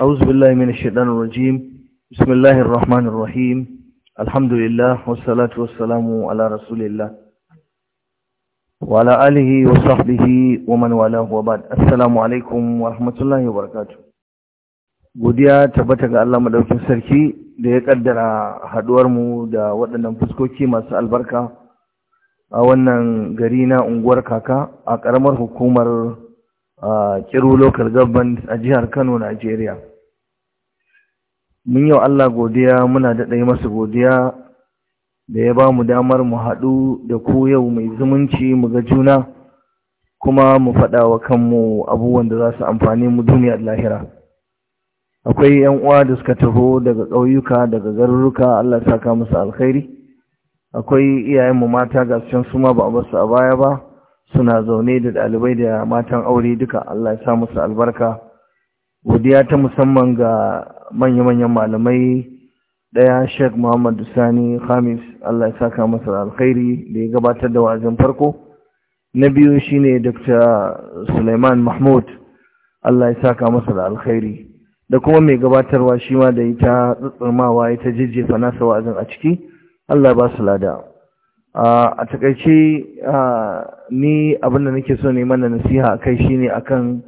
أعوذ بالله من الشيطان الرجيم بسم الله الرحمن الرحيم الحمد لله والصلاة والسلام على رسول الله وعلى آله وصحبه ومن والاه وبعد السلام عليكم ورحمة الله وبركاته godiya tabbata ga Allah madaukin sarki da ya kaddara haduwar mu da waɗannan fuskoki masu albarka a wannan gari na unguwar kaka a ƙaramar hukumar a kiru local government a jihar Kano Najeriya mun yau Allah godiya muna daɗa yi masa godiya da ya ba mu damar mu haɗu da ku yau mai zumunci mu ga juna kuma mu faɗa wa kanmu abubuwan da za su amfani mu duniya da lahira akwai yan uwa da suka taho daga ƙauyuka daga garuruka Allah saka musu alkhairi akwai iyayenmu mata ga su ma ba a basu a baya ba suna zaune da ɗalibai da matan aure duka Allah ya sa musu albarka godiya ta musamman ga manya-manyan malamai ɗaya sheikh muhammadu sani khamis Allah ya saka masa alkhairi da ya gabatar da wa'azin farko na biyu shine dr suleiman mahmud Allah ya saka masa da alkhairi da kuma mai gabatarwa shi ma da ita tsatsarmawa ita jijjefa nasa wa'azin a ciki Allah ba su lada a takaice ni abinda nake so ne mana nasiha a kai shine akan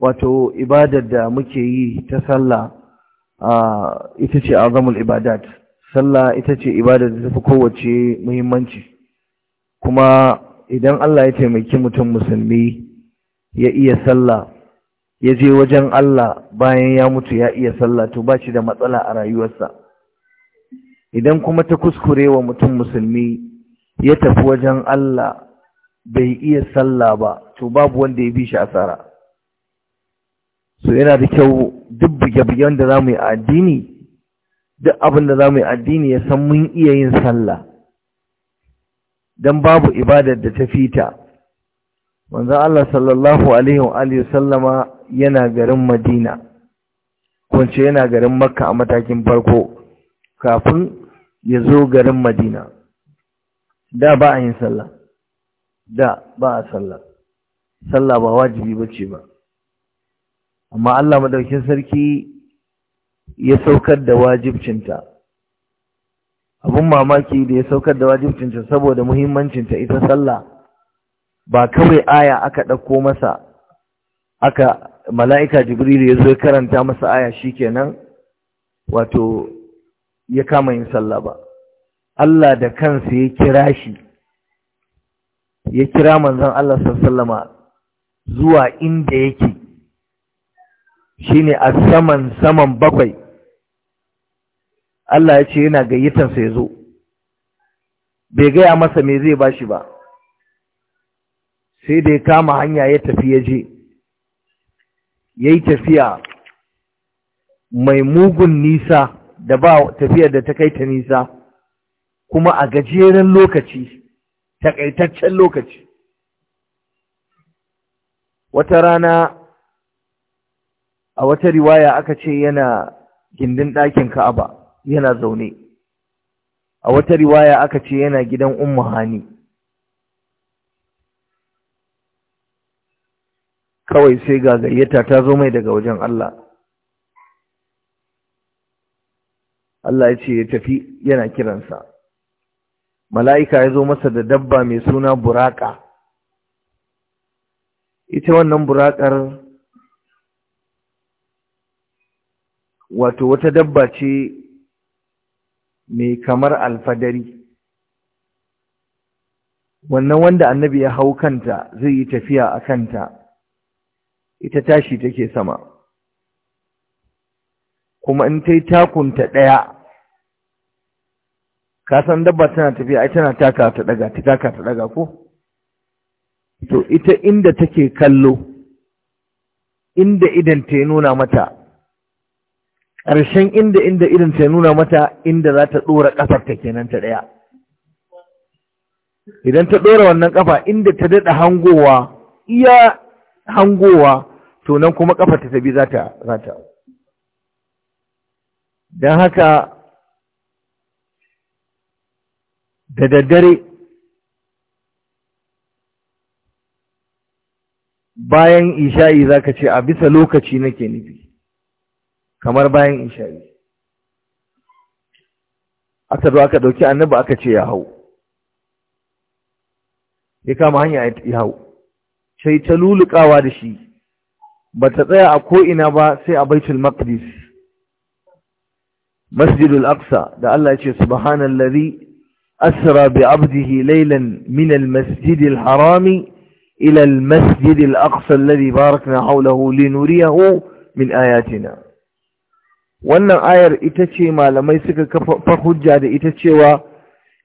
wato ibadar da muke yi ta sallah ita ce azamul ibadat sallah ita ce ibadar da tafi kowace muhimmanci kuma idan Allah ya taimaki mutum musulmi ya iya sallah ya je wajen Allah bayan ya mutu ya iya sallah to ba shi da matsala a rayuwarsa idan kuma ta kuskure wa mutum musulmi ya tafi wajen Allah bai iya sallah ba to babu wanda ya bi shi asara so yana da kyau duk buge-buge wanda za mu yi addini duk abin da za mu yi addini ya san mun iya yin sallah don babu ibadar da ta fita wanzan Allah sallallahu Alaihi wa sallama yana garin Madina kunce yana garin Makka a matakin farko kafin ya zo garin Madina da ba a yin sallah da ba a sallah sallah ba wajibi bace ba amma Allah madaukin sarki ya saukar da wajibcinta abun mamaki da ya saukar da wajibcinta saboda muhimmancinta ita sallah ba kawai aya aka ɗauko masa aka mala'ika jibril ya zo karanta masa aya shikenan wato ya kama yin sallah ba Allah da kansa ya kira shi ya kira manzon Allah sallama zuwa inda yake ne a saman saman bakwai Allah ya ce yana gayyatansa ya zo bai gaya masa me zai bashi ba sai da ya kama hanya ya tafi ya je ya yi tafiya mai mugun nisa da ba tafiyar da ta kai ta nisa kuma a gajeren lokaci takaitaccen lokaci wata rana a wata riwaya aka ce yana gindin ɗakin ka'aba yana zaune a wata riwaya aka ce yana gidan ummu hani kawai sai ga gayyata ta zo mai daga wajen Allah Allah ya ce ya tafi yana kiransa mala'ika ya zo masa da dabba mai suna buraka ita wannan burakar wato wata dabba ce mai kamar alfadari wannan wanda annabi ya hau kanta zai yi tafiya a kanta ita tashi take sama kuma in ta yi takunta ɗaya ka san dabba tana tafiya ai tana taka ta daga ta taka ta daga ko to ita inda take kallo inda idan ta nuna mata ƙarshen inda inda idan ta nuna mata inda za ta ɗora ƙafar ta kenan ta ɗaya idan ta ɗora wannan ƙafa inda ta daɗa hangowa iya hangowa to nan kuma ƙafar ta tabi za ta za ta don haka da daddare bayan isha'i za ka ce a bisa lokaci nake nufi kamar bayan isha'i aka zo aka ɗauki annaba aka ce ya hau ya kama hanya ya hau sai ta lulukawa da shi ba ta tsaya a ko'ina ba sai a baitul maqdis masjidul aqsa da Allah ya ce subhanallazi أسرى بعبده ليلا من المسجد الحرام إلى المسجد الأقصى الذي باركنا حوله لنريه من آياتنا wannan ayar ita ce malamai suka kafa hujja da ita cewa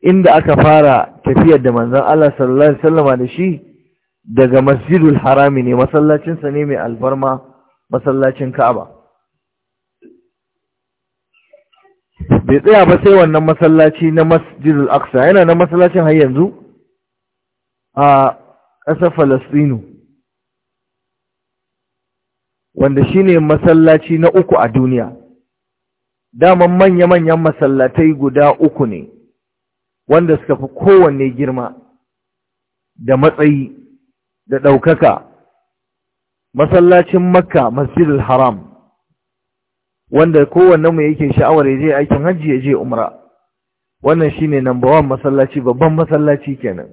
inda aka fara tafiyar da manzon Allah sallallahu alaihi wasallama da shi daga Masjidul Harami ne masallacinsa ne mai alfarma masallacin Ka'aba bai tsaya ba sai wannan masallaci na masjidul aqsa yana na masallacin har yanzu a ƙasar falastinu wanda shine masallaci na uku a duniya daman manya-manyan masallatai guda uku ne wanda suka fi kowanne girma da matsayi da ɗaukaka masallacin makka masjidul haram wanda kowanne mu yake sha'awar ya je aikin hajji ya je umra wannan shine number 1 masallaci babban masallaci kenan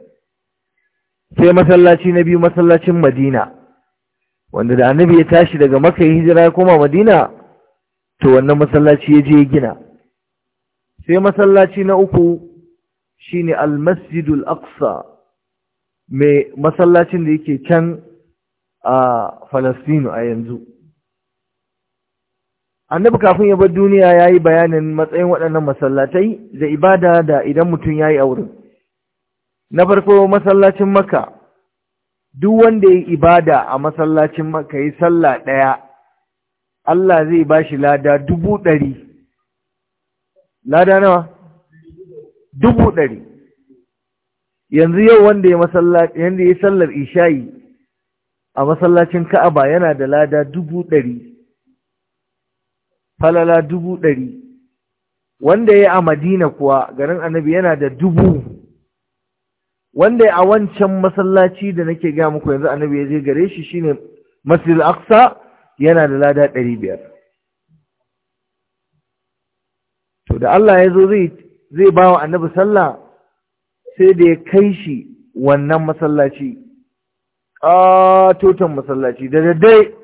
sai masallaci na biyu masallacin Madina wanda da annabi ya tashi daga Makka hijira ya koma Madina to wannan masallaci ya je gina sai masallaci na uku shine al al Aqsa mai masallacin da yake can a Falastinu a yanzu annabi kafin ya bar duniya ya yi bayanin matsayin waɗannan masallatai da ibada da idan mutum ya yi a wurin na farko masallacin maka duk wanda ya yi ibada a masallacin maka ya yi sallah ɗaya Allah zai ba shi lada dubu ɗari lada nawa dubu ɗari yanzu yau wanda ya yi sallar isha'i a masallacin ka'aba yana da lada dubu ɗari falala dubu ɗari wanda ya a madina kuwa garin annabi yana da dubu wanda ya a wancan masallaci da nake gaya muku yanzu annabi ya je gare shi shine masjid aqsa yana da lada ɗari biyar to da Allah ya zo zai ba wa annabi sallah sai da ya kai shi wannan masallaci ƙatoton masallaci da daddai!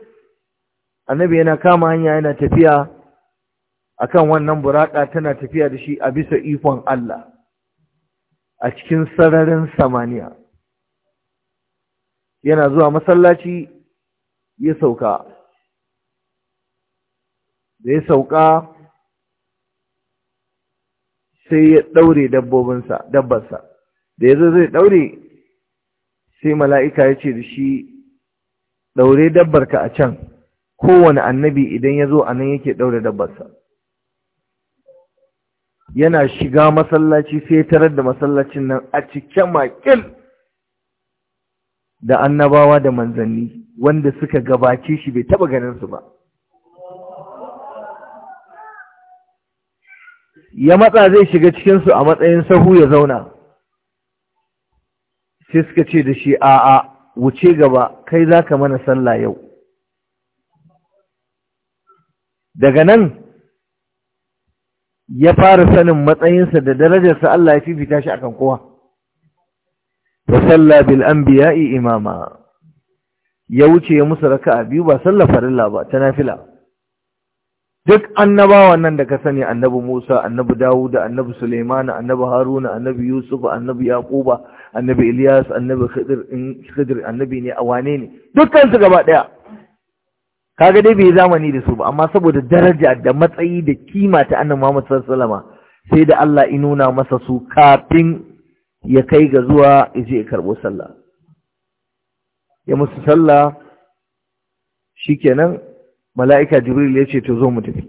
annabi yana kama hanya yana tafiya akan wannan buraƙa tana tafiya da shi a bisa ikon Allah a cikin sararin samaniya yana zuwa masallaci ya sauka da ya sauka sai ya ɗaure dabbobinsa dabbarsa da ya zai ɗaure sai mala'ika ya ce da shi ɗaure dabbarka a can kowane annabi idan ya zo a nan yake ɗaure dabbarsa yana shiga masallaci sai ya tarar da masallacin nan a cikin makil da annabawa da manzanni wanda suka gabace shi bai taba ganin su ba ya matsa zai shiga cikin su a matsayin sahu ya zauna sai suka ce da shi a'a wuce gaba kai zaka mana sallah yau daga nan ya fara sanin matsayinsa da darajarsa Allah ya fifita shi akan kowa wa salla bil anbiya'i imama ya wuce ya musu raka'a biyu ba sallar farilla ba ta nafila duk annabawa nan da ka sani annabi Musa annabi Dawud annabi Sulaiman annabi Haruna annabi Yusuf annabi Yaquba annabi Ilyas annabi Khidir annabi ne a wane ne dukkan su gaba ɗaya. kaga dai bai zamani da su ba amma saboda daraja da matsayi da kima ta annan Muhammad sallallahu alaihi wasallam sai da Allah ya nuna masa su kafin ya kai ga zuwa ya karbo sallah ya musu sallah shikenan mala'ika Jibril ya ce to zo mu tafi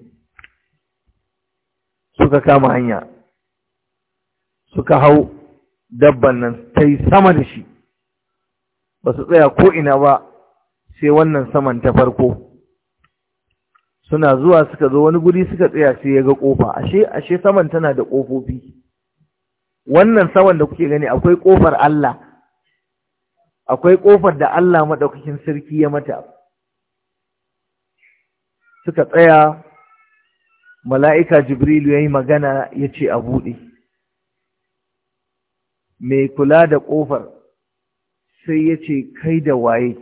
suka kama hanya suka hau dabban nan ta yi sama da shi ba su tsaya ko ina ba sai wannan saman ta farko suna zuwa suka zo wani guri suka tsaya sai ya ga kofa ashe ashe saman tana da kofofi wannan saman da kuke gani akwai kofar Allah akwai kofar da Allah madaukakin sarki ya mata suka tsaya mala'ika jibrilu yayi magana yace a buɗe mai kula da ƙofar sai yace kai da waye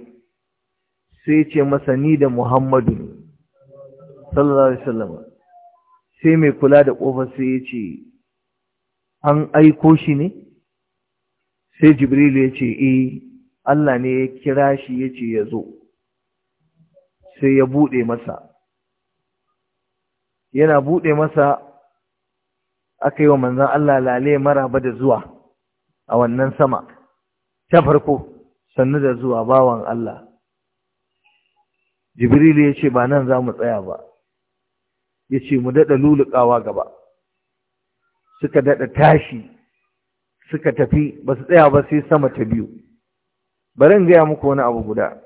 sai yace ce masani da muhammadu sallallahu alaihi wasallam sai mai kula da kofar sai ya ce an aiko shi ne sai jibril ya ce eh Allah ne ya kira shi ya ce ya zo sai ya buɗe masa yana buɗe masa aka yi wa manzan Allah lale maraba da zuwa a wannan sama ta farko sannu da zuwa bawan Allah Jibril ya ce ba nan za mu tsaya ba ya ce mu daɗa lulukawa gaba suka daɗa tashi suka tafi ba su tsaya ba sai sama ta biyu bari in gaya muku wani abu guda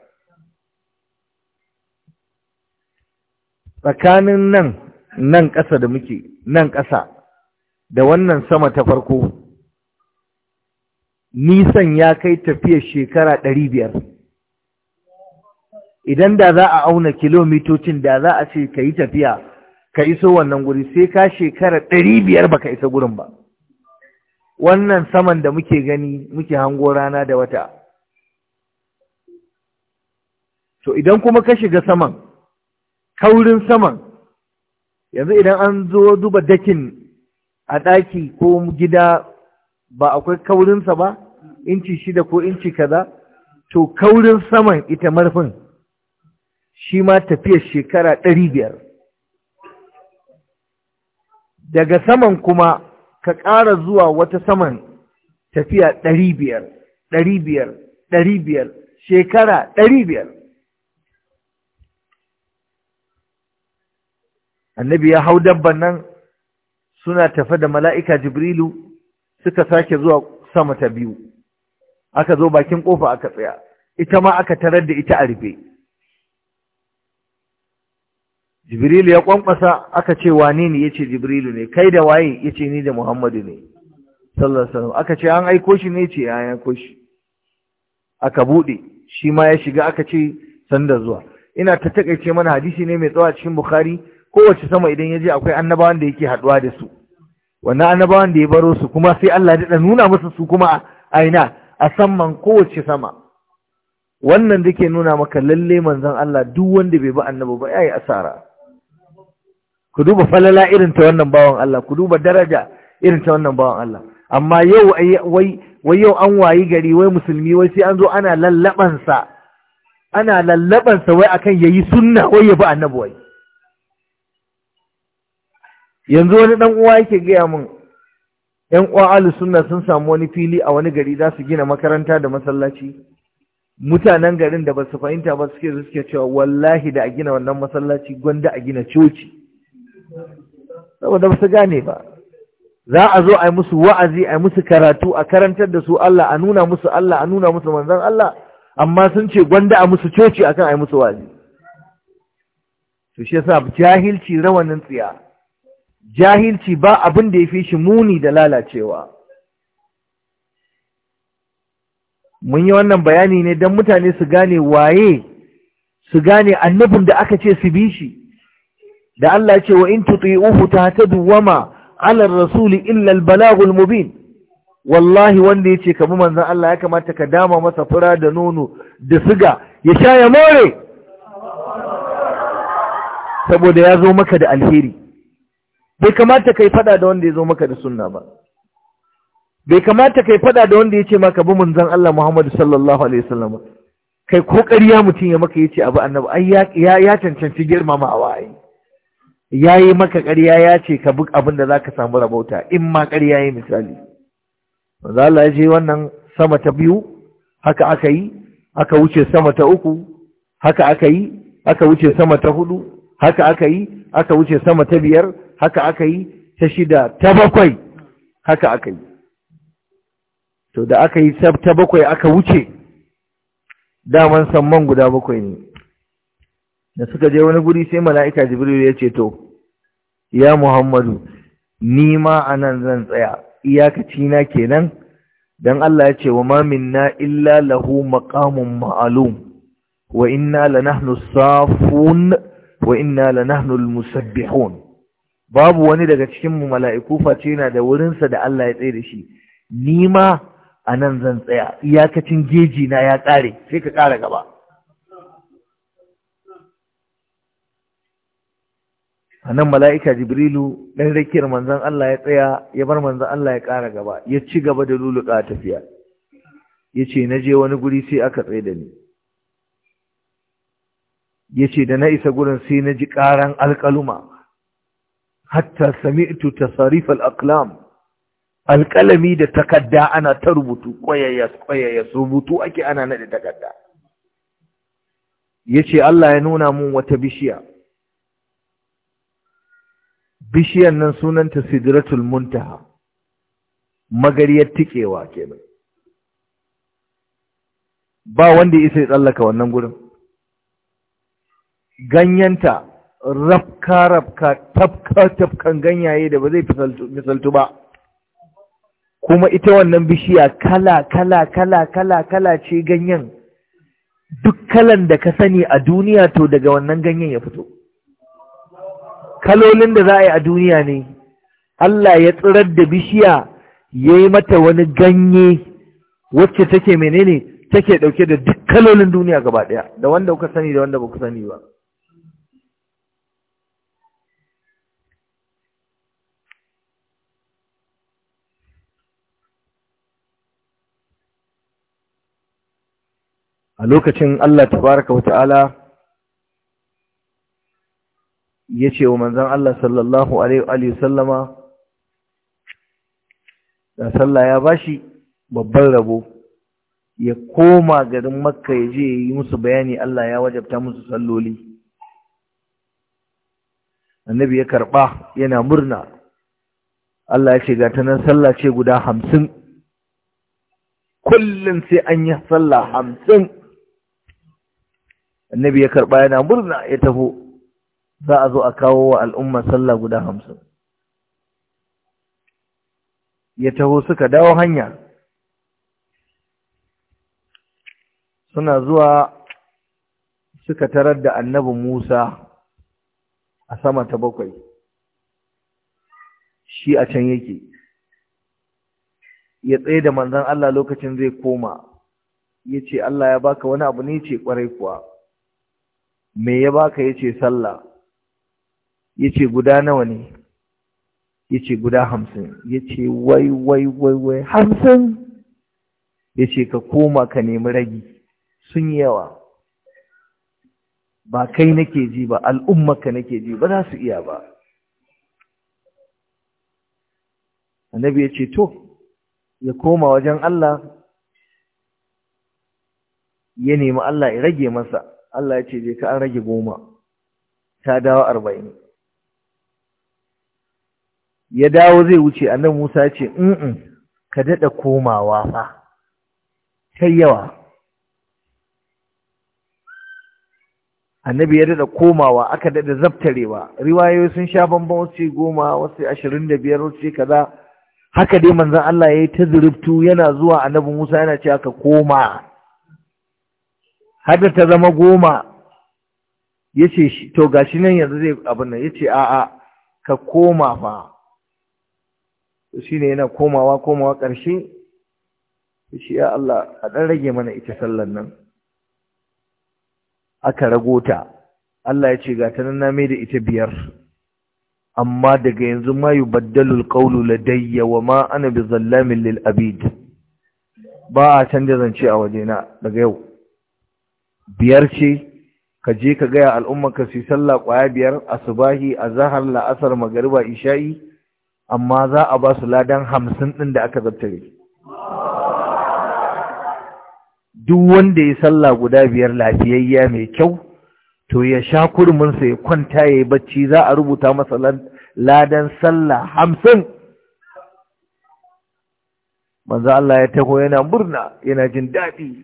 tsakanin nan nan ƙasa da muke nan ƙasa da wannan sama ta farko nisan ya kai tafiya shekara ɗari biyar idan da za a auna kilomitocin da za a ce ka yi tafiya ka iso wannan guri sai ka shekara ɗari biyar ba ka isa gurin ba wannan saman da muke gani muke hango rana da wata to idan kuma ka shiga saman kaurin saman yanzu idan an zo duba dakin a ɗaki ko gida ba akwai kaurinsa ba inci shida ko inci kaza to kaurin saman ita marfin shi ma tafiyar shekara ɗari biyar daga saman kuma ka ƙara zuwa wata saman tafiya ɗari biyar ɗari biyar ɗari biyar shekara ɗari biyar annabi ya hau dabban nan suna tafe da mala'ika jibrilu suka sake zuwa sama ta biyu aka zo bakin ƙofa aka tsaya ita ma aka tarar da ita a rufe jibrilu ya kwankwasa aka ce wane ne ya ce jibrilu ne kai da waye ya ce ni da muhammadu ne sallallahu aka ce an aiko shi ne ce ya aiko shi aka buɗe. shi ma ya shiga aka ce sanda zuwa ina ta takaice mana hadisi ne mai tsawa cikin bukhari kowace sama idan ya je akwai annabawan da yake haɗuwa da su wannan annabawan da ya baro su kuma sai Allah ya nuna musu su kuma aina a saman kowace sama wannan da ke nuna maka lalle manzon Allah duk wanda bai bi annabi ba yi asara ku duba falala irin ta wannan bawan Allah ku duba daraja irin ta wannan bawan Allah amma yau wai wai yau an wayi gari wai musulmi wai sai an zo ana lallaban sa ana lallaban sa wai akan yayi sunna wai ya bi annabi wai yanzu wani dan uwa yake gaya mun ‘yan uwa sunna sun samu wani fili a wani gari za su gina makaranta da masallaci mutanen garin da ba su fahimta ba suke suke cewa wallahi da a gina wannan masallaci gwanda a gina coci saboda ba su gane ba za a zo a yi musu wa'azi a yi musu karatu a karantar da su Allah a nuna musu Allah a nuna musu manzan Allah amma sun ce gwanda a musu coci akan a yi musu wa'azi to shi yasa jahilci rawanin tsiya jahilci ba abin da ya fi shi muni da lalacewa mun yi wannan bayani ne don mutane su gane waye su gane annabin da aka ce su bi shi da Allah ce wa in tuti'uhu tahtadwama ala ar-rasuli illa al-balaghul mubin wallahi wanda yace kamar manzon Allah ya kamata ka dama masa fura da nono da siga ya sha ya more saboda ya zo maka da alheri bai kamata kai fada da wanda ya zo maka da sunna ba bai kamata kai fada da wanda yace maka bi manzon Allah Muhammad sallallahu alaihi wasallam kai ko ya mutum ya maka yace abu annabi ai ya cancanci girmamawa ai ya yi maka ƙarya ya ce ka buk abin da za ka samu rabauta in ma ƙarya ya yi misali za Allah ya je wannan sama ta biyu haka aka yi aka wuce sama ta uku haka aka yi aka wuce sama ta hudu haka aka yi aka wuce sama ta biyar haka aka yi ta shida ta bakwai haka aka yi to da aka yi ta bakwai aka wuce daman samman guda bakwai ne da suka je wani guri sai mala'ika jibril ya ce to ya Muhammadu ni ma a nan zan tsaya iyakaci na kenan dan Allah ya ce wa ma minna illa lahu maqamun ma'alum wa inna lanahnu safun wa inna lanahnu musabbihun. babu wani daga cikin mu mala'iku face yana da wurinsa da Allah ya tsaye da shi ni ma a nan zan tsaya iyakacin geji na ya kare sai ka ƙara gaba a nan mala'ika jibrilu ɗan rakiyar manzan Allah ya tsaya ya bar manzan Allah ya ƙara gaba ya ci gaba da luluka tafiya ya ce na je wani guri sai aka tsaye da ni ya ce da na isa gurin sai na ji ƙaran alƙaluma hatta sami'tu tasarif al'aklam alƙalami da takadda ana ta rubutu su rubutu ake ana da takadda ya ce Allah ya nuna mun wata bishiya Bishiyar nan sunanta sidratul muntaha magariyar tikewa kenan ba wanda isa ya tsallaka wannan gurin Ganyanta rafka-rafka tafka-tafkan ganyaye da ba zai misaltu ba kuma ita wannan bishiya kala-kala-kala-kala-kala ce ganyen duk kalan da ka sani a duniya to daga wannan ganyen ya fito kalolin da za a yi a duniya ne Allah ya tsirar da bishiya ya yi mata wani ganye wacce take menene take dauke da duk kalolin duniya gaba daya da wanda kuka sani da wanda ba ku sani ba a lokacin Allah Ta tabaraka wata'ala ya ce wa manzan Allah sallallahu Alaihi wasallama da sallah ya bashi babban rabo ya koma garin makka ya je yi musu bayani Allah ya wajabta musu salloli annabi ya karba yana murna Allah ya ce ga tanan sallah ce guda hamsin kullum sai an yi sallah hamsin annabi ya karba yana murna ya taho za a zo a kawo wa al'umma sallah guda hamsin ya taho suka dawo hanya suna zuwa suka tarar da annabi Musa a sama ta bakwai shi a can yake ya tsaye da manzan Allah lokacin zai koma ya ce Allah ya baka wani abu ne ce kwarai kuwa me ya baka ya ce sallah ya ce guda nawa ne ya ce guda hamsin ya ce wai wai wai wai hamsin ya ce ka koma ka nemi ragi sun yi yawa ba kai nake ji ba al'umma ka nake ji ba za su iya ba annabi ya ce to ya koma wajen Allah ya nemi Allah ya rage masa Allah ya ce je ka an rage goma ta dawo arba'in ya dawo zai wuce annabi Musa ce in ka dada komawa fa kai yawa annabi ya dada komawa aka dada zabtarewa riwayoyi sun sha bamban wasu goma wasu ashirin da biyar wasu kaza haka dai manzan Allah ya yi ta zurubtu yana zuwa annabi Musa yana ce aka koma Hada ta zama goma ya ce to gashi nan yanzu zai abin nan ya ce a'a ka koma fa shi ne yana komawa komawa ƙarshe shi ya Allah a ɗan rage mana ita sallar nan aka rago ta Allah ya ce ga ta nan na mai da ita biyar amma daga yanzu ma yi baddalul ƙaunu ladayya wa ma ana bi zallamin lil ba a canja zance a wajena daga yau biyar ce ka je ka gaya al'ummarka su yi sallah ƙwaya biyar asubahi zahar la'asar magariba isha'i amma za a ba su ladan hamsin ɗin da aka zabtare duk wanda ya sallah guda biyar lafiyayya mai kyau to ya sha kurminsa ya kwanta ya yi bacci za a rubuta masa ladan sallah hamsin manzo Allah ya taho yana murna yana jin daɗi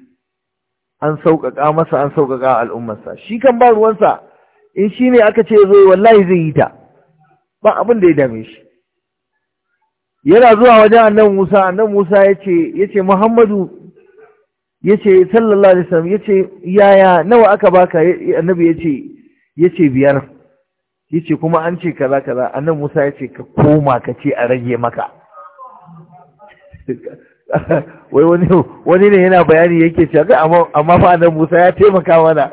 an sauƙaƙa masa an sauƙaƙa al'ummarsa shi kan ba ruwansa in shi ne aka ce zo wallahi zai yi ta ba abin da ya dame shi yana zuwa wajen annabi Musa annabi Musa yace yace Muhammadu yace sallallahu alaihi wasallam yace yaya nawa aka baka annabi yace yace biyar yace kuma an ce kaza kaza annabi Musa yace ka koma ka ce a rage maka wai wani wani ne yana bayani yake cewa amma amma fa annabi Musa ya taimaka mana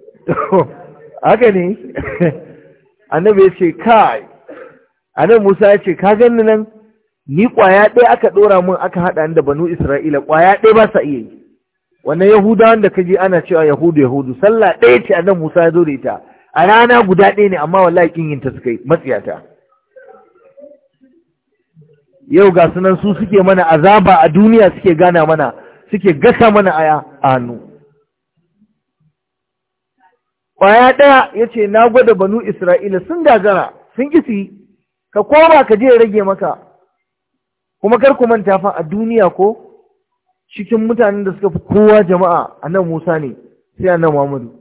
to haka ne annabi ya ce kai annabi Musa ya ce ka ganni nan ni kwaya ɗaya aka ɗora mun aka haɗa ni da banu Isra'ila kwaya ɗaya ba sa iya yi wannan Yahudawan da kaji ana cewa Yahudu Yahudu sallah ɗaya ce annabi Musa ya zo da ita a rana guda ɗaya ne amma wallahi kin yin ta suka yi matsiyata yau ga sunan su suke mana azaba a duniya suke gana mana suke gasa mana aya a hannu ƙwaya ɗaya ya ce na gwada banu isra'ila sun gagara sun kisi ka koma ka je rage maka kuma kar ku manta fa a duniya ko cikin mutanen da suka fi kowa jama'a a nan musa ne sai a nan muhammadu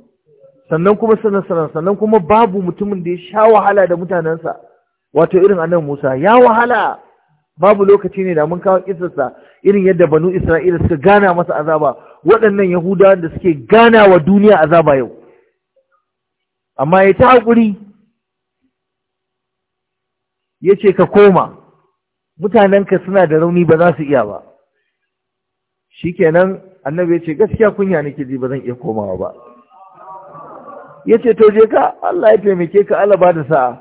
sannan kuma sanar sannan kuma babu mutumin da ya sha wahala da mutanensa wato irin a nan Musa ya wahala babu lokaci ne da mun kawo kisarsa irin yadda banu Isra'ila suka gana masa azaba waɗannan Yahudawan da suke gana wa duniya azaba yau amma ya ta haƙuri ya ce ka koma mutanenka suna da rauni ba za su iya ba shi kenan annabi ya ce gaskiya kunya nake ji ba zan iya komawa ba ya ce to je ka Allah ya taimake ka alaba da sa'a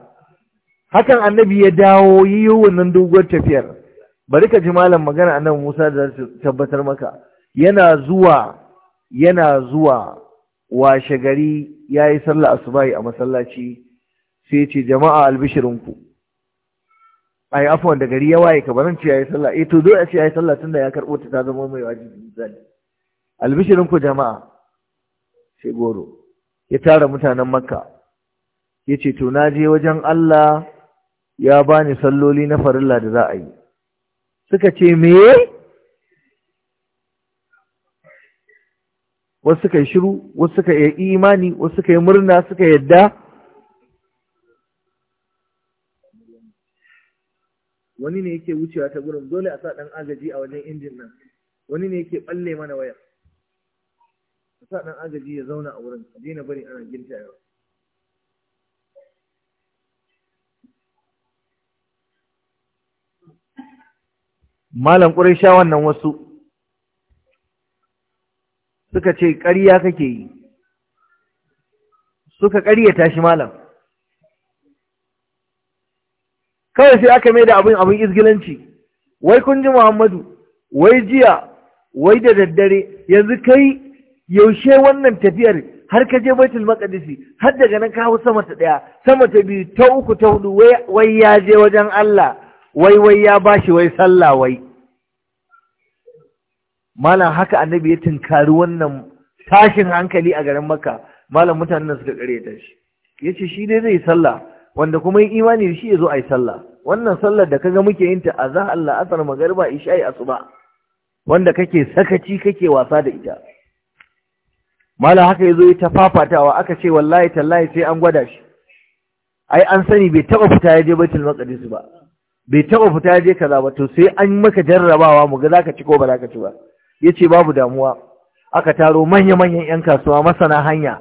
hakan annabi ya dawo yi wannan doguwar tafiyar bari ka ji malam magana annabi Musa da tabbatar maka yana zuwa yana zuwa washe gari ya yi sallah asubahi a masallaci sai ce jama'a albishirinku A yi afuwan da gari ya waye ka baran ce ya yi sallah E, to zo ce ya yi sallah tunda ya karɓo ta ta zama mai wajibi misali albishirinku jama'a sai goro ya tara mutanen makka ya ce to na je wajen Allah ya bani salloli na farilla da za a yi suka ce me wasu suka yi shiru wasu suka yi imani wasu suka yi murna suka yadda wani ne yake wucewa ta gurin dole a sa ɗan agaji a wajen injin nan wani ne yake balle mana waya. a sa ɗan agaji ya zauna a wurin a daina bari ana ginta yawa malam ƙurai sha wannan wasu suka ce ƙarya kake yi suka ƙarya tashi malam kawai sai aka mai da abin abin izgilanci wai kun ji muhammadu wai jiya wai da daddare yanzu kai yaushe wannan tafiyar har ka je baitul maqdisi har daga nan kawo sama ta daya sama ta biyu ta uku ta hudu wai ya je wajen Allah wai wai ya bashi wai sallah wai malam haka annabi ya tunkari wannan tashin hankali a garin makka malam mutanen suka kareta shi ya ce shi dai zai sallah wanda kuma yi imani shi ya zo a yi sallah wannan sallar da kaga muke yin ta a za Allah asar magarba isha'i asuba wanda kake sakaci kake wasa da ita malam haka ya zo ya ta fafatawa aka ce wallahi tallahi sai an gwada shi ai an sani bai taba fita ya je baitul maqdis ba bai taba fita ya je kaza ba to sai an maka jarrabawa mu ga zaka ci ko ba zaka ci ba ya ce babu damuwa aka taro manya-manyan 'yan kasuwa masana hanya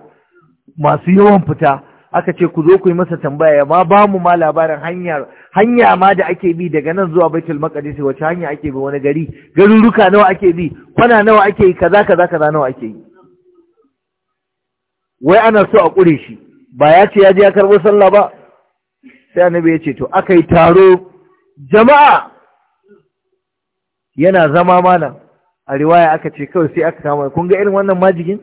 masu yawan fita aka ce ku zo ku yi masa tambaya ma ba mu ma labarin hanyar hanya ma da ake bi daga nan zuwa baitul maqdis wace hanya ake bi wani gari garuruka nawa ake bi kwana nawa ake yi kaza kaza kaza nawa ake yi wai ana so a kure shi ba ya ce ya je ya karbo sallah ba sai annabi ya ce to aka yi taro jama'a yana zama malam a riwaya aka ce kawai sai aka kama kun ga irin wannan majigin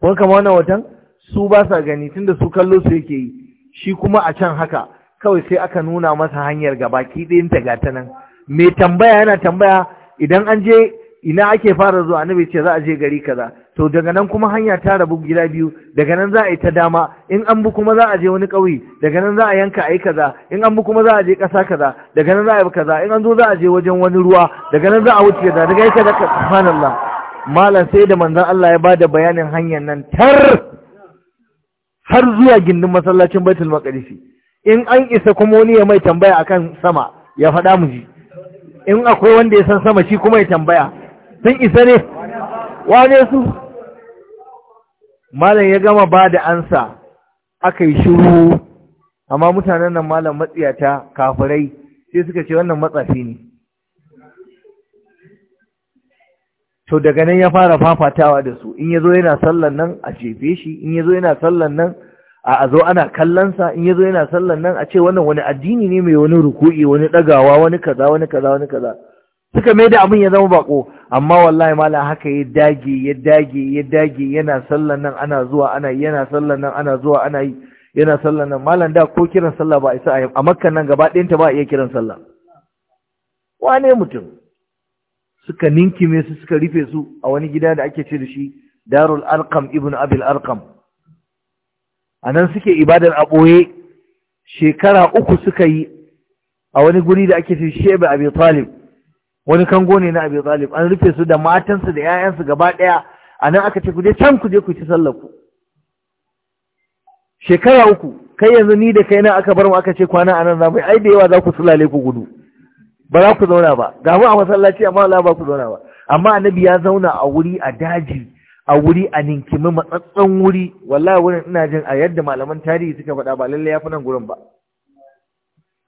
kun kama wannan watan su ba sa gani tunda su kallo su yake yi shi kuma a can haka kawai sai aka nuna masa hanyar gaba ki ɗayan ta gata nan mai tambaya yana tambaya idan an je ina ake fara zuwa annabi ce za a je gari kaza to daga nan kuma hanya ta rabu gida biyu daga nan za a yi ta dama in an bu kuma za a je wani ƙauye daga nan za a yanka a yi kaza in an bu kuma za a je ƙasa kaza daga nan za a yi kaza in an zo za a je wajen wani ruwa daga nan za a wuce da, daga yake da subhanallah malam sai da manzon Allah ya bada bayanin hanyar nan tar har zuwa gindin masallacin Baitul Maqdis in an isa kuma wani ya mai tambaya akan sama ya faɗa mu ji in akwai wanda ya san sama shi kuma ya tambaya sun isa ne wane su malam ya gama ba da ansa aka yi shiru amma mutanen nan malam matsiyata kafirai sai suka ce wannan matsafi ne to daga nan ya fara fafatawa da su in yazo yana sallan nan a jefe shi in yazo yana sallan nan a zo ana kallansa in yazo yana sallan nan a ce wannan wani addini ne mai wani ruku'i wani dagawa wani kaza wani kaza wani kaza suka mai da abin ya zama bako amma wallahi mala haka ya dage ya dage ya dage yana sallan nan ana zuwa ana yi yana sallan nan ana zuwa ana yi yana sallan nan malan da ko kiran sallah ba isa a makkan nan gaba ɗayanta ba iya kiran sallah wane mutum suka me su suka rufe su a wani gida da ake ce da shi darul Alqam ibn abil Alqam. a nan suke ibadar a ɓoye shekara uku suka yi a wani guri da ake ce shebe abi talib wani kango ne na abi talib an rufe su da matansu da 'ya'yansu gaba ɗaya a nan aka ce ku je can ku je ku ci sallar ku shekara uku kai yanzu ni da kai na aka bar mu aka ce kwana anan zamu ai da yawa za ku sulale ku gudu ba za ku zauna ba ga mu a masallaci amma Allah ba ku zauna ba amma annabi ya zauna a wuri a daji a wuri a ninkimi matsatsan wuri wallahi wurin ina jin a yadda malaman tarihi suka faɗa ba lalle fi nan gurin ba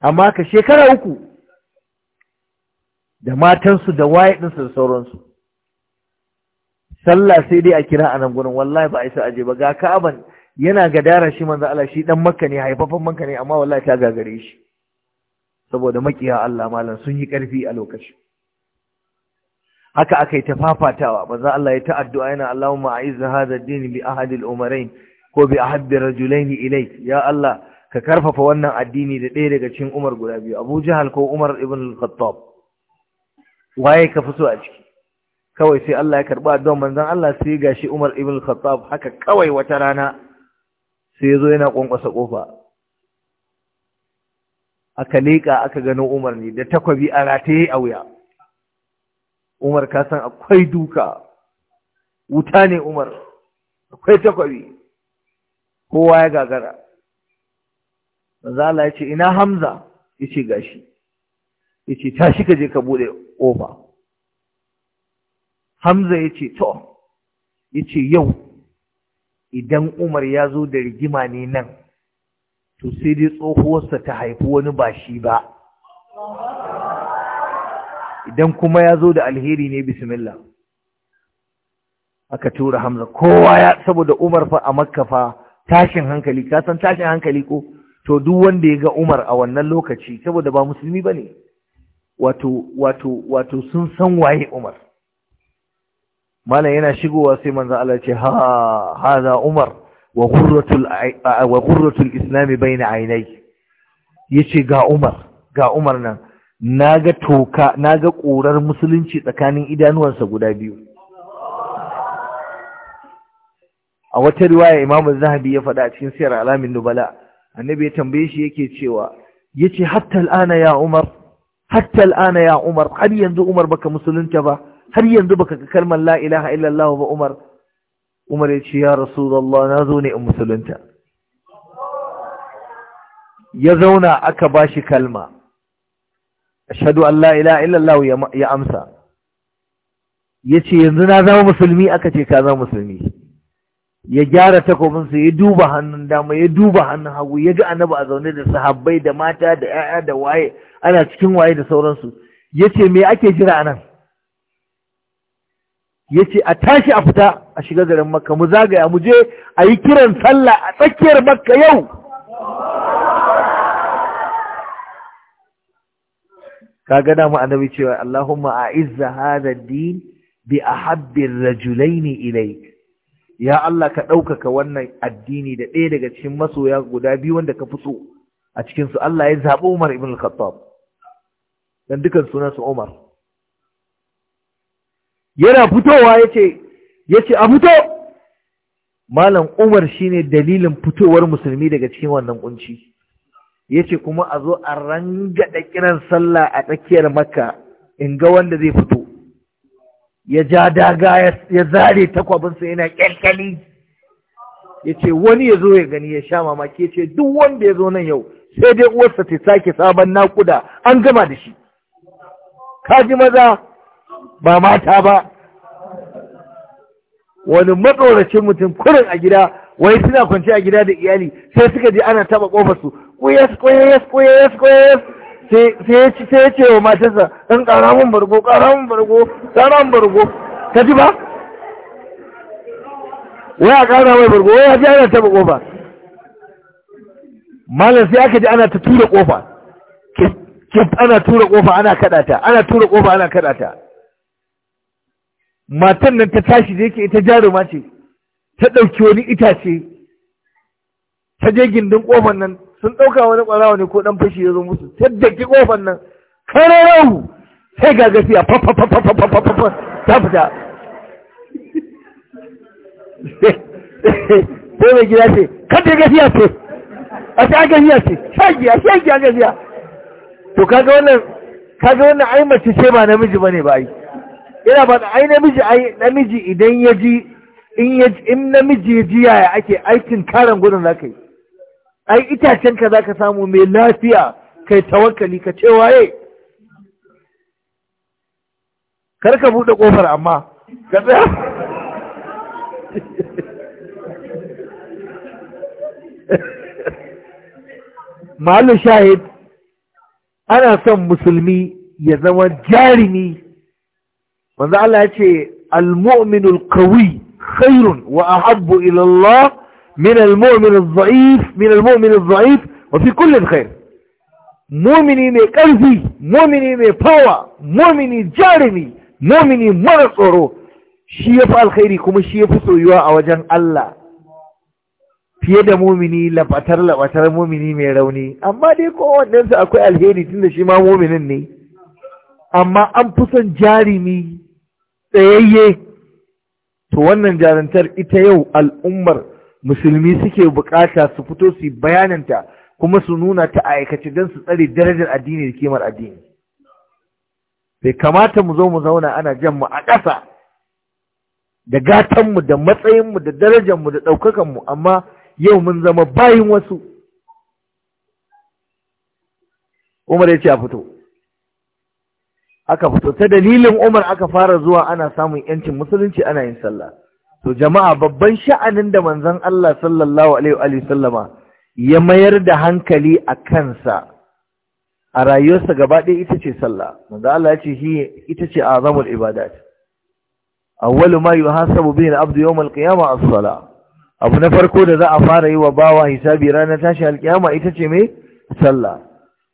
amma ka shekara uku da matansu da waye ɗinsu da sauransu sallah sai dai a kira a nan gurin wallahi ba a isa aje ba ga ka'aban yana gadara shi manzo Allah shi dan makka ne haifafan maka ne amma wallahi ta gagare shi saboda makiya Allah malam sun yi karfi a lokaci haka akai ta fafatawa manzo Allah ya ta addu'a yana Allahumma a'iz hadha ad-din bi ahad al-umrayn ko bi ahad ar-rajulayn ilayk ya Allah ka karfafa wannan addini da ɗaya daga cikin Umar guda biyu Abu Jahal ko Umar ibn al-Khattab waye ka fi so a ciki kawai sai Allah ya karba don manzon Allah sai gashi Umar ibn Khattab haka kawai wata rana sai yazo yana kwankwasa kofa aka leka aka gano Umar ne da takwabi a rataye a wuya Umar ka san akwai duka wuta ne Umar akwai takwabi kowa ya gagara manzo Allah ya ce ina Hamza yace gashi yace tashi ka je ka bude kofa Hamza yace to yace yau idan Umar ya zo da rigima ne nan to sai dai tsohuwarsa ta haifi wani ba shi ba idan kuma ya zo da alheri ne bismillah aka tura Hamza kowa ya saboda Umar fa a Makka fa tashin hankali ka san tashin hankali ko to duk wanda ya ga Umar a wannan lokaci saboda ba musulmi bane wato wato wato sun san waye Umar malam yana shigowa sai manzo Allah ce ha hada Umar wa qurratul wa qurratul islam baina aynay yace ga Umar ga Umar nan naga toka naga korar musulunci tsakanin idanuwansa guda biyu a wata riwaya Imam Zahabi ya faɗa cikin Siyar Alamin Nubala annabi ya tambaye shi yake cewa yace hatta al'ana ya Umar hatta al'ana ya umar har yanzu umar baka musulunta ba har yanzu baka ga kalmar la ilaha illallah ba umar umar ya ce ya rasulullah na zo in musulunta ya zauna aka bashi kalma ashhadu an la ilaha illallah ya amsa yace yanzu na zama musulmi aka ce kaza musulmi ya gyara takobinsa ya duba hannun dama ya duba hannun hagu ya ga annabi a zaune da sahabbai da mata da 'ya'ya da waye ana cikin waye da sauransu ya ce me ake jira anan? nan ya ce a tashi a fita a shiga garin makka mu zagaya mu je a yi kiran sallah a tsakiyar makka yau ka gada mu annabi cewa Allahumma a'izza hadha ad-din bi ahabbi ar-rajulaini ilayk ya Allah ka ɗaukaka wannan addini da ɗaya daga cikin masoya guda biyu wanda ka fi so a cikinsu Allah ya zaɓi Umar ibn al-Khattab dan dukan sunansu Umar yana fitowa yace yace a fito malam Umar shine dalilin fitowar musulmi daga cikin wannan kunci yace kuma a zo a da kiran sallah a tsakiyar Makka in ga wanda zai fito ya ja daga ya zare takwabinsa yana kyalkyali ya ce wani ya zo ya gani ya sha mamaki ya ce duk wanda ya zo nan yau sai dai uwarsa ta sake sabon naƙuda an gama da shi kaji maza ba mata ba wani matsoracin mutum kurin a gida wai suna kwanci a gida da iyali sai suka je ana taɓa ƙofarsu, koyas koyas koyas koyas sai ya ce wa matarsa ɗan ƙaramin bargo ƙaramin bargo ƙaramin bargo ta ji ba wai a ƙara mai bargo wai ya ji ana taɓa ƙofa malam sai aka ji ana ta tura ƙofa kif ana tura ƙofa ana kaɗa ta ana tura ƙofa ana kaɗa ta matan nan ta tashi da yake ita jaruma ce ta ɗauki wani itace ta je gindin ƙofar nan sun ɗauka wani ɓarawa ne ko ɗan fashi ya zo musu sai da ki ƙofar nan kararau sai ga gafiya a mace ce ba namiji in namiji ake aikin karan gudun ai itacen ka za ka samu mai lafiya kai tawakkali ka ce waye kar ka bude kofar amma ka tsaya malu shahid ana son musulmi ya zama jarimi manzo Allah ya ce al-mu'minul qawi khairun wa ahabbu ila Allah من المؤمن الضعيف من المؤمن الضعيف وفي كل الخير mumini mai ƙarfi mumini mai fawa mumini jarumi mumini mara tsoro shi ya fi alkhairi kuma shi ya fi soyuwa a wajen Allah fiye da mumini labatar-labatar mumini mai rauni amma dai kowannensu akwai alheri tun da shi ma muminin ne amma an fi son jarumi tsayayye to wannan jarantar ita yau al'ummar musulmi suke bukata su fito su bayananta kuma su nuna ta aikace don su tsare darajar addini da kimar addini bai kamata mu zo mu zauna ana jan mu a ƙasa da gatanmu da matsayinmu da darajarmu da ɗaukakanmu amma yau mun zama bayin wasu umar ya ce a fito aka fito ta dalilin umar aka fara zuwa ana samun yancin musulunci ana yin sallah to jama'a babban sha'anin da manzon Allah sallallahu alaihi sallama ya mayar da hankali a kansa a rayuwarsa gaba ɗaya ita ce sallah manzon Allah ya ce ita ce azamul ibadat awwalu ma yuhasabu bihi al-abdu yawm al a as abu na farko da za a fara yi wa bawa hisabi ranar tashi alkiyama ita ce mai sallah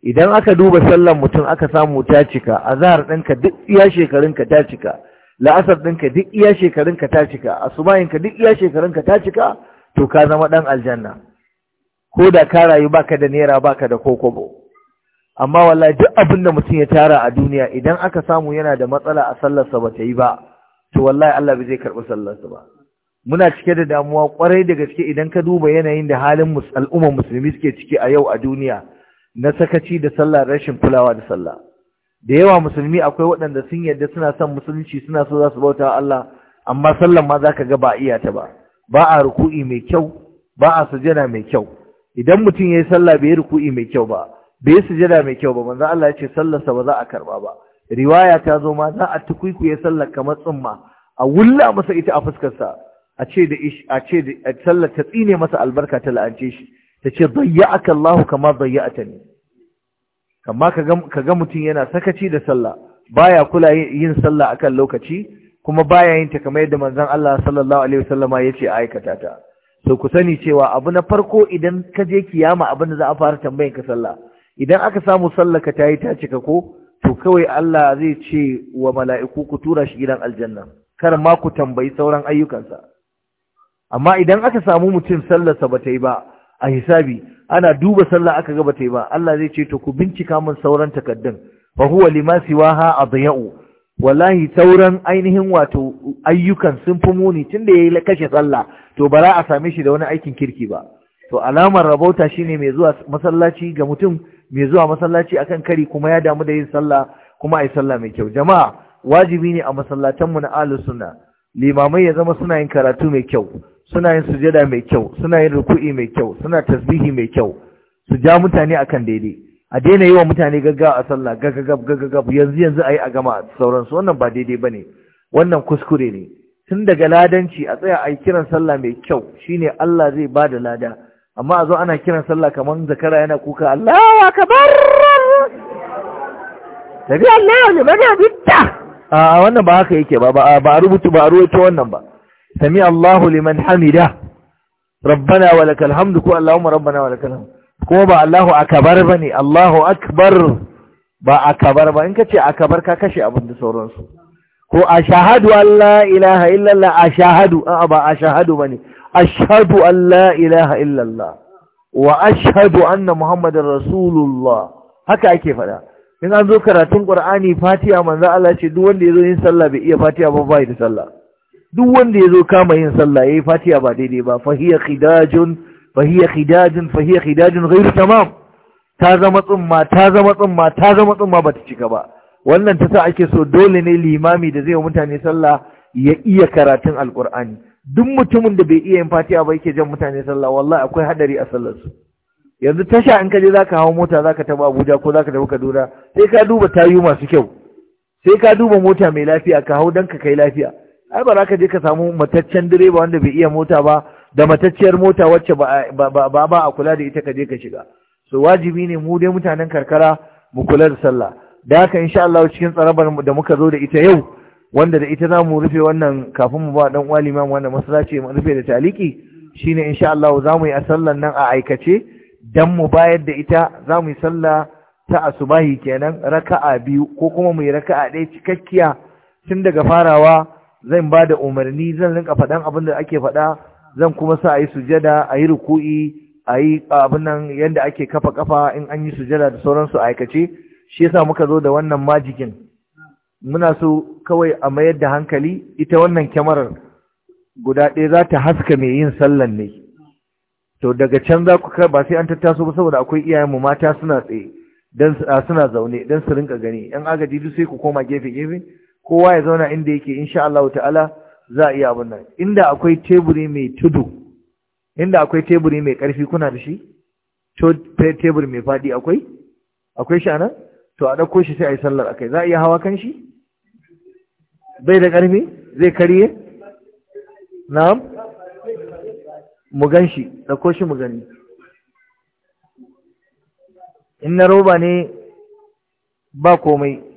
idan aka duba sallan mutum aka samu ta cika zahar ɗinka duk iya shekarunka ta cika la'asar ɗinka duk iya shekarunka ta cika a ka duk iya shekarunka ta cika to ka zama ɗan aljanna ko da ka rayu baka da naira baka da kokobo amma wallahi duk abin da mutum ya tara a duniya idan aka samu yana da matsala a sallarsa ba ta yi ba to wallahi Allah bai zai karɓi sallarsa ba muna cike da damuwa kwarai da gaske idan ka duba yanayin da halin al'ummar musulmi suke ciki a yau a duniya na sakaci da sallah rashin kulawa da sallah da yawa musulmi akwai waɗanda sun yarda suna son musulunci suna so za su bauta Allah amma sallan ma ka ga ba iya ta ba ba a ruku'i mai kyau ba a sujada mai kyau idan mutum ya yi sallah bai ruku'i mai kyau ba bai sujada mai kyau ba manzo Allah ya ce sallarsa ba za a karba ba riwaya ta zo ma za a tukuikuye sallar kamar tsumma a wulla masa ita a fuskar sa a ce da a ce da sallar ta tsine masa albarka ta la'ance shi tace dayya'aka Allah kama dayya'atani amma ka ga mutum yana sakaci da sallah baya kula yin sallah akan lokaci kuma baya yin ta kamar yadda manzon Allah sallallahu alaihi wasallama yace aikata ta so ku sani cewa abu na farko idan ka je kiyama abin da za a fara tambayin ka sallah idan aka samu sallah ka tayi ta cika ko to kawai Allah zai ce wa mala'iku ku tura shi gidan aljanna kar ma ku tambayi sauran ayyukansa amma idan aka samu mutum sallarsa ba ta yi ba a hisabi ana duba sallah aka ga bata yi ba Allah zai ce to ku bincika mun sauran takaddun fa huwa lima siwaha adya'u wallahi sauran ainihin wato ayyukan sun fi muni tunda yayi kashe sallah to bara a same shi da wani aikin kirki ba to alamar rabauta shine mai zuwa masallaci ga mutum mai zuwa masallaci akan kari kuma ya damu da yin sallah kuma ai sallah mai kyau jama'a wajibi ne a masallatan mu na ahlus sunna limamai ya zama suna yin karatu mai kyau suna yin sujada mai kyau suna yin ruku'i mai kyau suna tasbihi mai kyau su ja mutane akan daidai a daina yi wa mutane gaggawa a sallah gaggagab gaggagab yanzu yanzu ayi a gama sauransu wannan ba daidai bane wannan kuskure ne tun daga ladanci a tsaya ayi kiran sallah mai kyau shine Allah zai ba da lada amma a zo ana kiran sallah kaman zakara yana kuka Allahu akbar tabi Allahu mana bidda a wannan ba haka yake ba ba a rubutu ba a ruwaito wannan ba Sami'a Allahu liman hamida rabbana wa lakal hamdu ko Allahumma rabbana wa lakal kuma ba Allahu akbar bane Allahu akbar ba akbar ba in kace akbar ka kashe abin da sauransu ko ashhadu an la ilaha illallah ashhadu a ba ashhadu bane ashhadu an la ilaha illallah wa ashhadu anna muhammadar rasulullah haka ake faɗa in an zo karatun ƙur'ani fatiha manzo Allah ce duk wanda yazo yin sallah bai iya fatiha ba bai da sallah duk wanda ya zo kama yin sallah ya yi fatiha ba daidai ba fahiyar khidajin fahiyar khidajin fahiyar Zai gairu tamam ta zama tsumma ta zama tsumma ta zama tsumma ba ta cika ba wannan ta sa ake so dole ne limami da zai wa mutane sallah ya iya karatun alkur'ani duk mutumin da bai iya yin fatiha ba yake jan mutane sallah wallahi akwai hadari a sallarsu yanzu tasha in ka je zaka hawo mota zaka tafi Abuja ko zaka tafi Kaduna sai ka duba tayu masu kyau sai ka duba mota mai lafiya ka hau dan ka kai lafiya ai ba za ka je ka samu mataccen direba wanda bai iya mota ba da matacciyar mota wacce ba ba a kula da ita ka je ka shiga so wajibi ne mu dai mutanen karkara mu kula da sallah da haka insha Allah cikin tsarabar da muka zo da ita yau wanda da ita zamu rufe wannan kafin mu ba dan uwa limam wannan masallaci mu rufe da taliki shine insha Allah zamu yi sallar nan a aikace dan mu bayar da ita zamu yi sallah ta asubahi kenan raka'a biyu ko kuma mu yi raka'a ɗaya cikakkiya tun daga farawa zan ba da umarni zan rinka faɗan abin da ake faɗa zan kuma sa a yi sujada a yi ruku'i a yi abin nan yadda ake kafa kafa in an yi sujada da sauransu a aikace shi yasa muka zo da wannan majikin muna so kawai a mayar da hankali ita wannan kyamarar guda ɗaya za ta haska mai yin sallan ne to daga can za ku ba sai an tattaso ba saboda akwai iyayenmu mata suna tsaye suna zaune don su rinka gani yan agaji duk sai ku koma gefe gefe kowa ya zauna inda yake insha Allah ta'ala za a iya abin nan inda akwai teburi mai tudu inda akwai teburi mai ƙarfi kuna da shi to teburi mai fadi akwai akwai shi anan to a ɗauko shi sai a yi sallar akai za a iya hawa kan shi bai da ƙarfi zai karye na'am mu gan shi ɗauko shi mu gani in na roba ne ba komai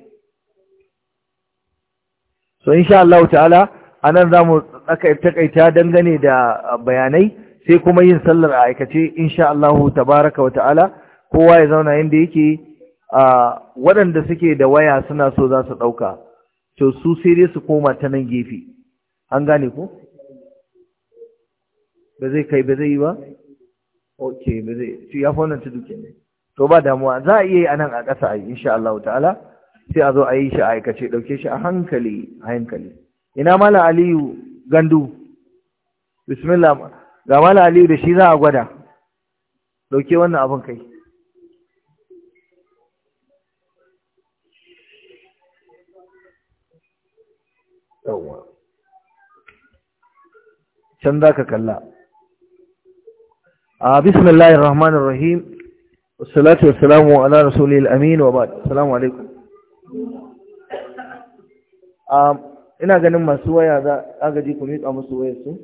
so insha Allah ta'ala anan zamu takaita dangane da bayanai sai kuma yin sallar a aikace insha Allah tabaraka wa ta'ala kowa ya zauna yanda yake a waɗanda suke da waya suna so za su ɗauka to su sai dai su koma ta nan gefe an gane ko ba zai kai ba zai yi ba ok ba zai ya fa wannan tudu ne to ba damuwa za a iya yi anan a ƙasa insha Allah ta'ala sai a zo a yi shi a aikace ɗauke shi a hankali a hankali ina mala aliyu gandu bismillah ga mala aliyu da shi za a gwada ɗauke wannan abin kai can za ka kalla a bismillahir rahmanir rahim salamu ala rasulil amin wa وبعد السلام alaikum Um, ina ganin masu waya za a gaji ku miƙa musu wayar su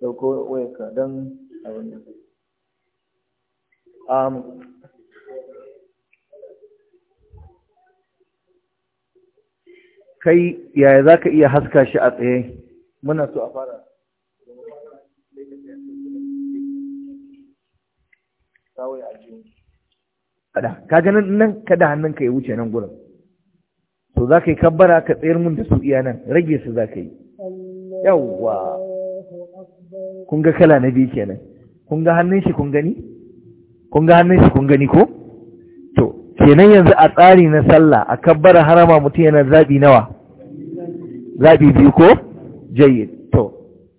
dauko wayar ka don abin da um, kai yaya za ka iya haska shi a tsaye muna so a fara kada ka ganin nan kada hannun ka ya wuce nan gudun to za ka yi kabbara ka tsayar mun da su iya nan rage su za ka yi yawwa kun ga kala na biyu kenan kun ga hannun shi kun gani kun ga hannun shi kun gani ko to kenan yanzu a tsari na sallah a kabbara harama mutum yana zaɓi nawa zaɓi biyu ko jayyid to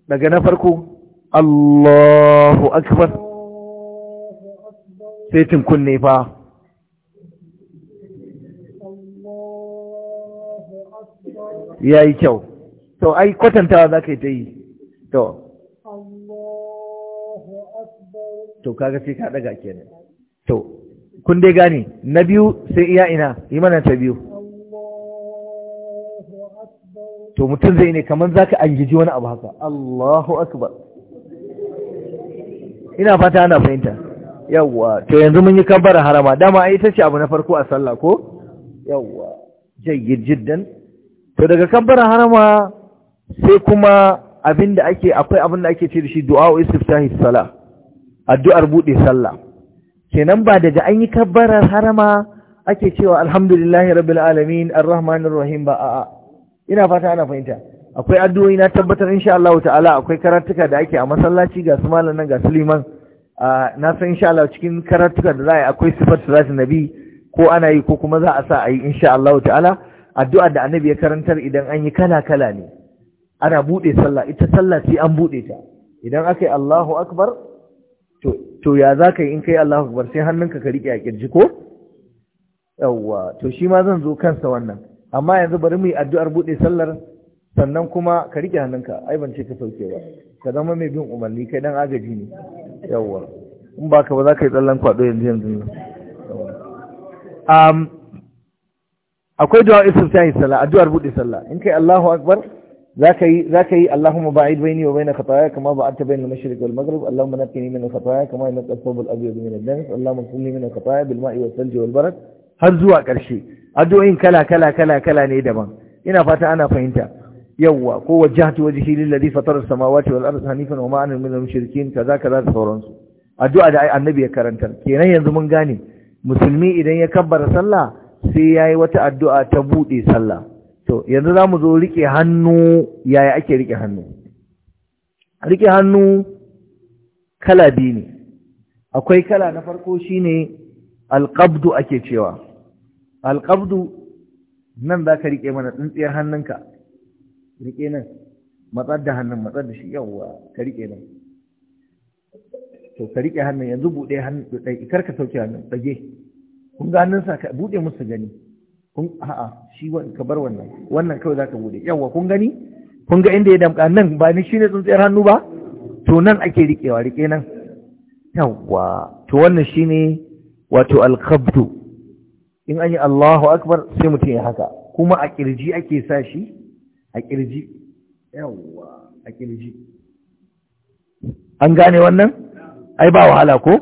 daga na farko Allahu akbar sai tun kunne fa ya yi kyau to ai kwatantawa za ka yi ta yi to to kaga sai ka daga kenan to kun dai gane na biyu sai iya ina yi mana ta biyu to mutum zai ne kamar za ka angiji wani abu haka Allahu akbar ina fata ana fahimta yawwa to yanzu mun yi kabbar harama dama ai ta ce abu na farko a sallah ko yawwa jayyid jiddan to daga kabbara harama sai kuma abinda ake akwai abinda ake ce da shi du'a istiftahi salah addu'ar bude sallah kenan ba daga an yi kabbarar harama ake cewa alhamdulillahi rabbil alamin arrahmanir rahim ba a'a ina fata ana fahimta akwai addu'o'i na tabbatar insha Allah ta'ala akwai karatuka da ake a masallaci ga su nan ga suliman liman na san insha Allah cikin karatuka da za a yi akwai sifar salatin nabi ko ana yi ko kuma za a sa a yi insha Allah ta'ala addu'a da annabi ya karantar idan an yi kala-kala ne ana buɗe sallah ita sallah sai an buɗe ta idan aka yi Allahu akbar to ya za ka yi in ka yi Allahu akbar sai hannunka ka riƙe a ƙirji ko yawwa to shi ma zan zo kansa wannan amma yanzu bari mu yi addu'ar buɗe sallar sannan kuma ka riƙe hannunka ai ban ce ka sauke ba ka zama mai bin umarni kai dan agaji ne yawwa in ba ka ba za ka yi tsallan kwaɗo yanzu yanzu akwai du'a istiftahi sallah addu'ar buɗe sallah in kai Allahu akbar zaka yi zaka yi Allahumma ba'id baini wa baina khataaya kama ba'adta baina al-mashriq wal maghrib Allahumma naqqini min khataaya kama yanqa al-thawb al-abyad min ad-dams Allahumma qini min khataaya bil ma'i wal thalji wal barad har zuwa ƙarshe addu'o'in kala kala kala kala ne daban ina fata ana fahimta yawwa ko wajjahtu wajhi lil ladhi fatara as-samawati wal arda hanifan wa ma ana min al-mushrikeen kaza kaza da sauransu addu'a da annabi ya karantar kenan yanzu mun gane musulmi idan ya kabbara sallah sai ya yi wata addu'a ta buɗe sallah to yanzu mu zo riƙe hannu yaya ake riƙe hannu rike hannu kala biyu ne akwai kala na farko shi ne alƙabdu ake cewa Alƙabdu nan za ka riƙe mana tsintsiyar hannunka rike nan matsar da hannun matsar da shi yawwa ka riƙe nan to ka riƙe hannun yanzu bude hannun dai ka sauke hannun ɗage. kun ga hannunsa ka buɗe musu gani kun a'a shi ka bar wannan wannan kawai zaka buɗe yawa kun gani kun ga inda ya damka nan ba ni shine tsuntsiyar hannu ba to nan ake riƙewa riƙe nan yawa to wannan shine wato alkabdu in an yi Allahu akbar sai mutum ya haka kuma a kirji ake sa shi a kirji yawa a kirji an gane wannan ai ba wahala ko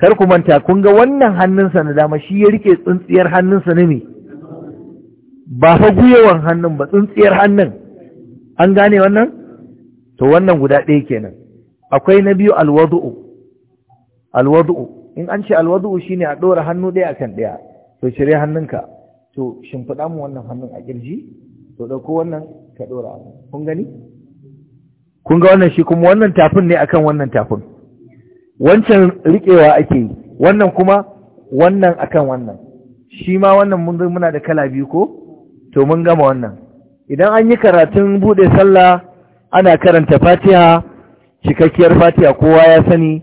kar ku manta kun ga wannan hannunsa na dama shi ya rike tsintsiyar hannunsa ne me ba fa guyewan hannun ba tsintsiyar hannun an gane wannan to wannan guda ɗaya kenan akwai na biyu alwadu'u alwadu'u in an ce alwadu'u shine a ɗora hannu ɗaya akan ɗaya to cire hannunka to shimfiɗa mu wannan hannun a kirji to ɗauko wannan ka ɗora kun gani kun ga wannan shi kuma wannan tafin ne akan wannan tafin wancan riƙewa ake yi wannan kuma wannan akan wannan shi ma wannan mun muna da kala biyu ko to mun gama wannan idan an yi karatun buɗe sallah ana karanta fatiha cikakkiyar fatiha kowa ya sani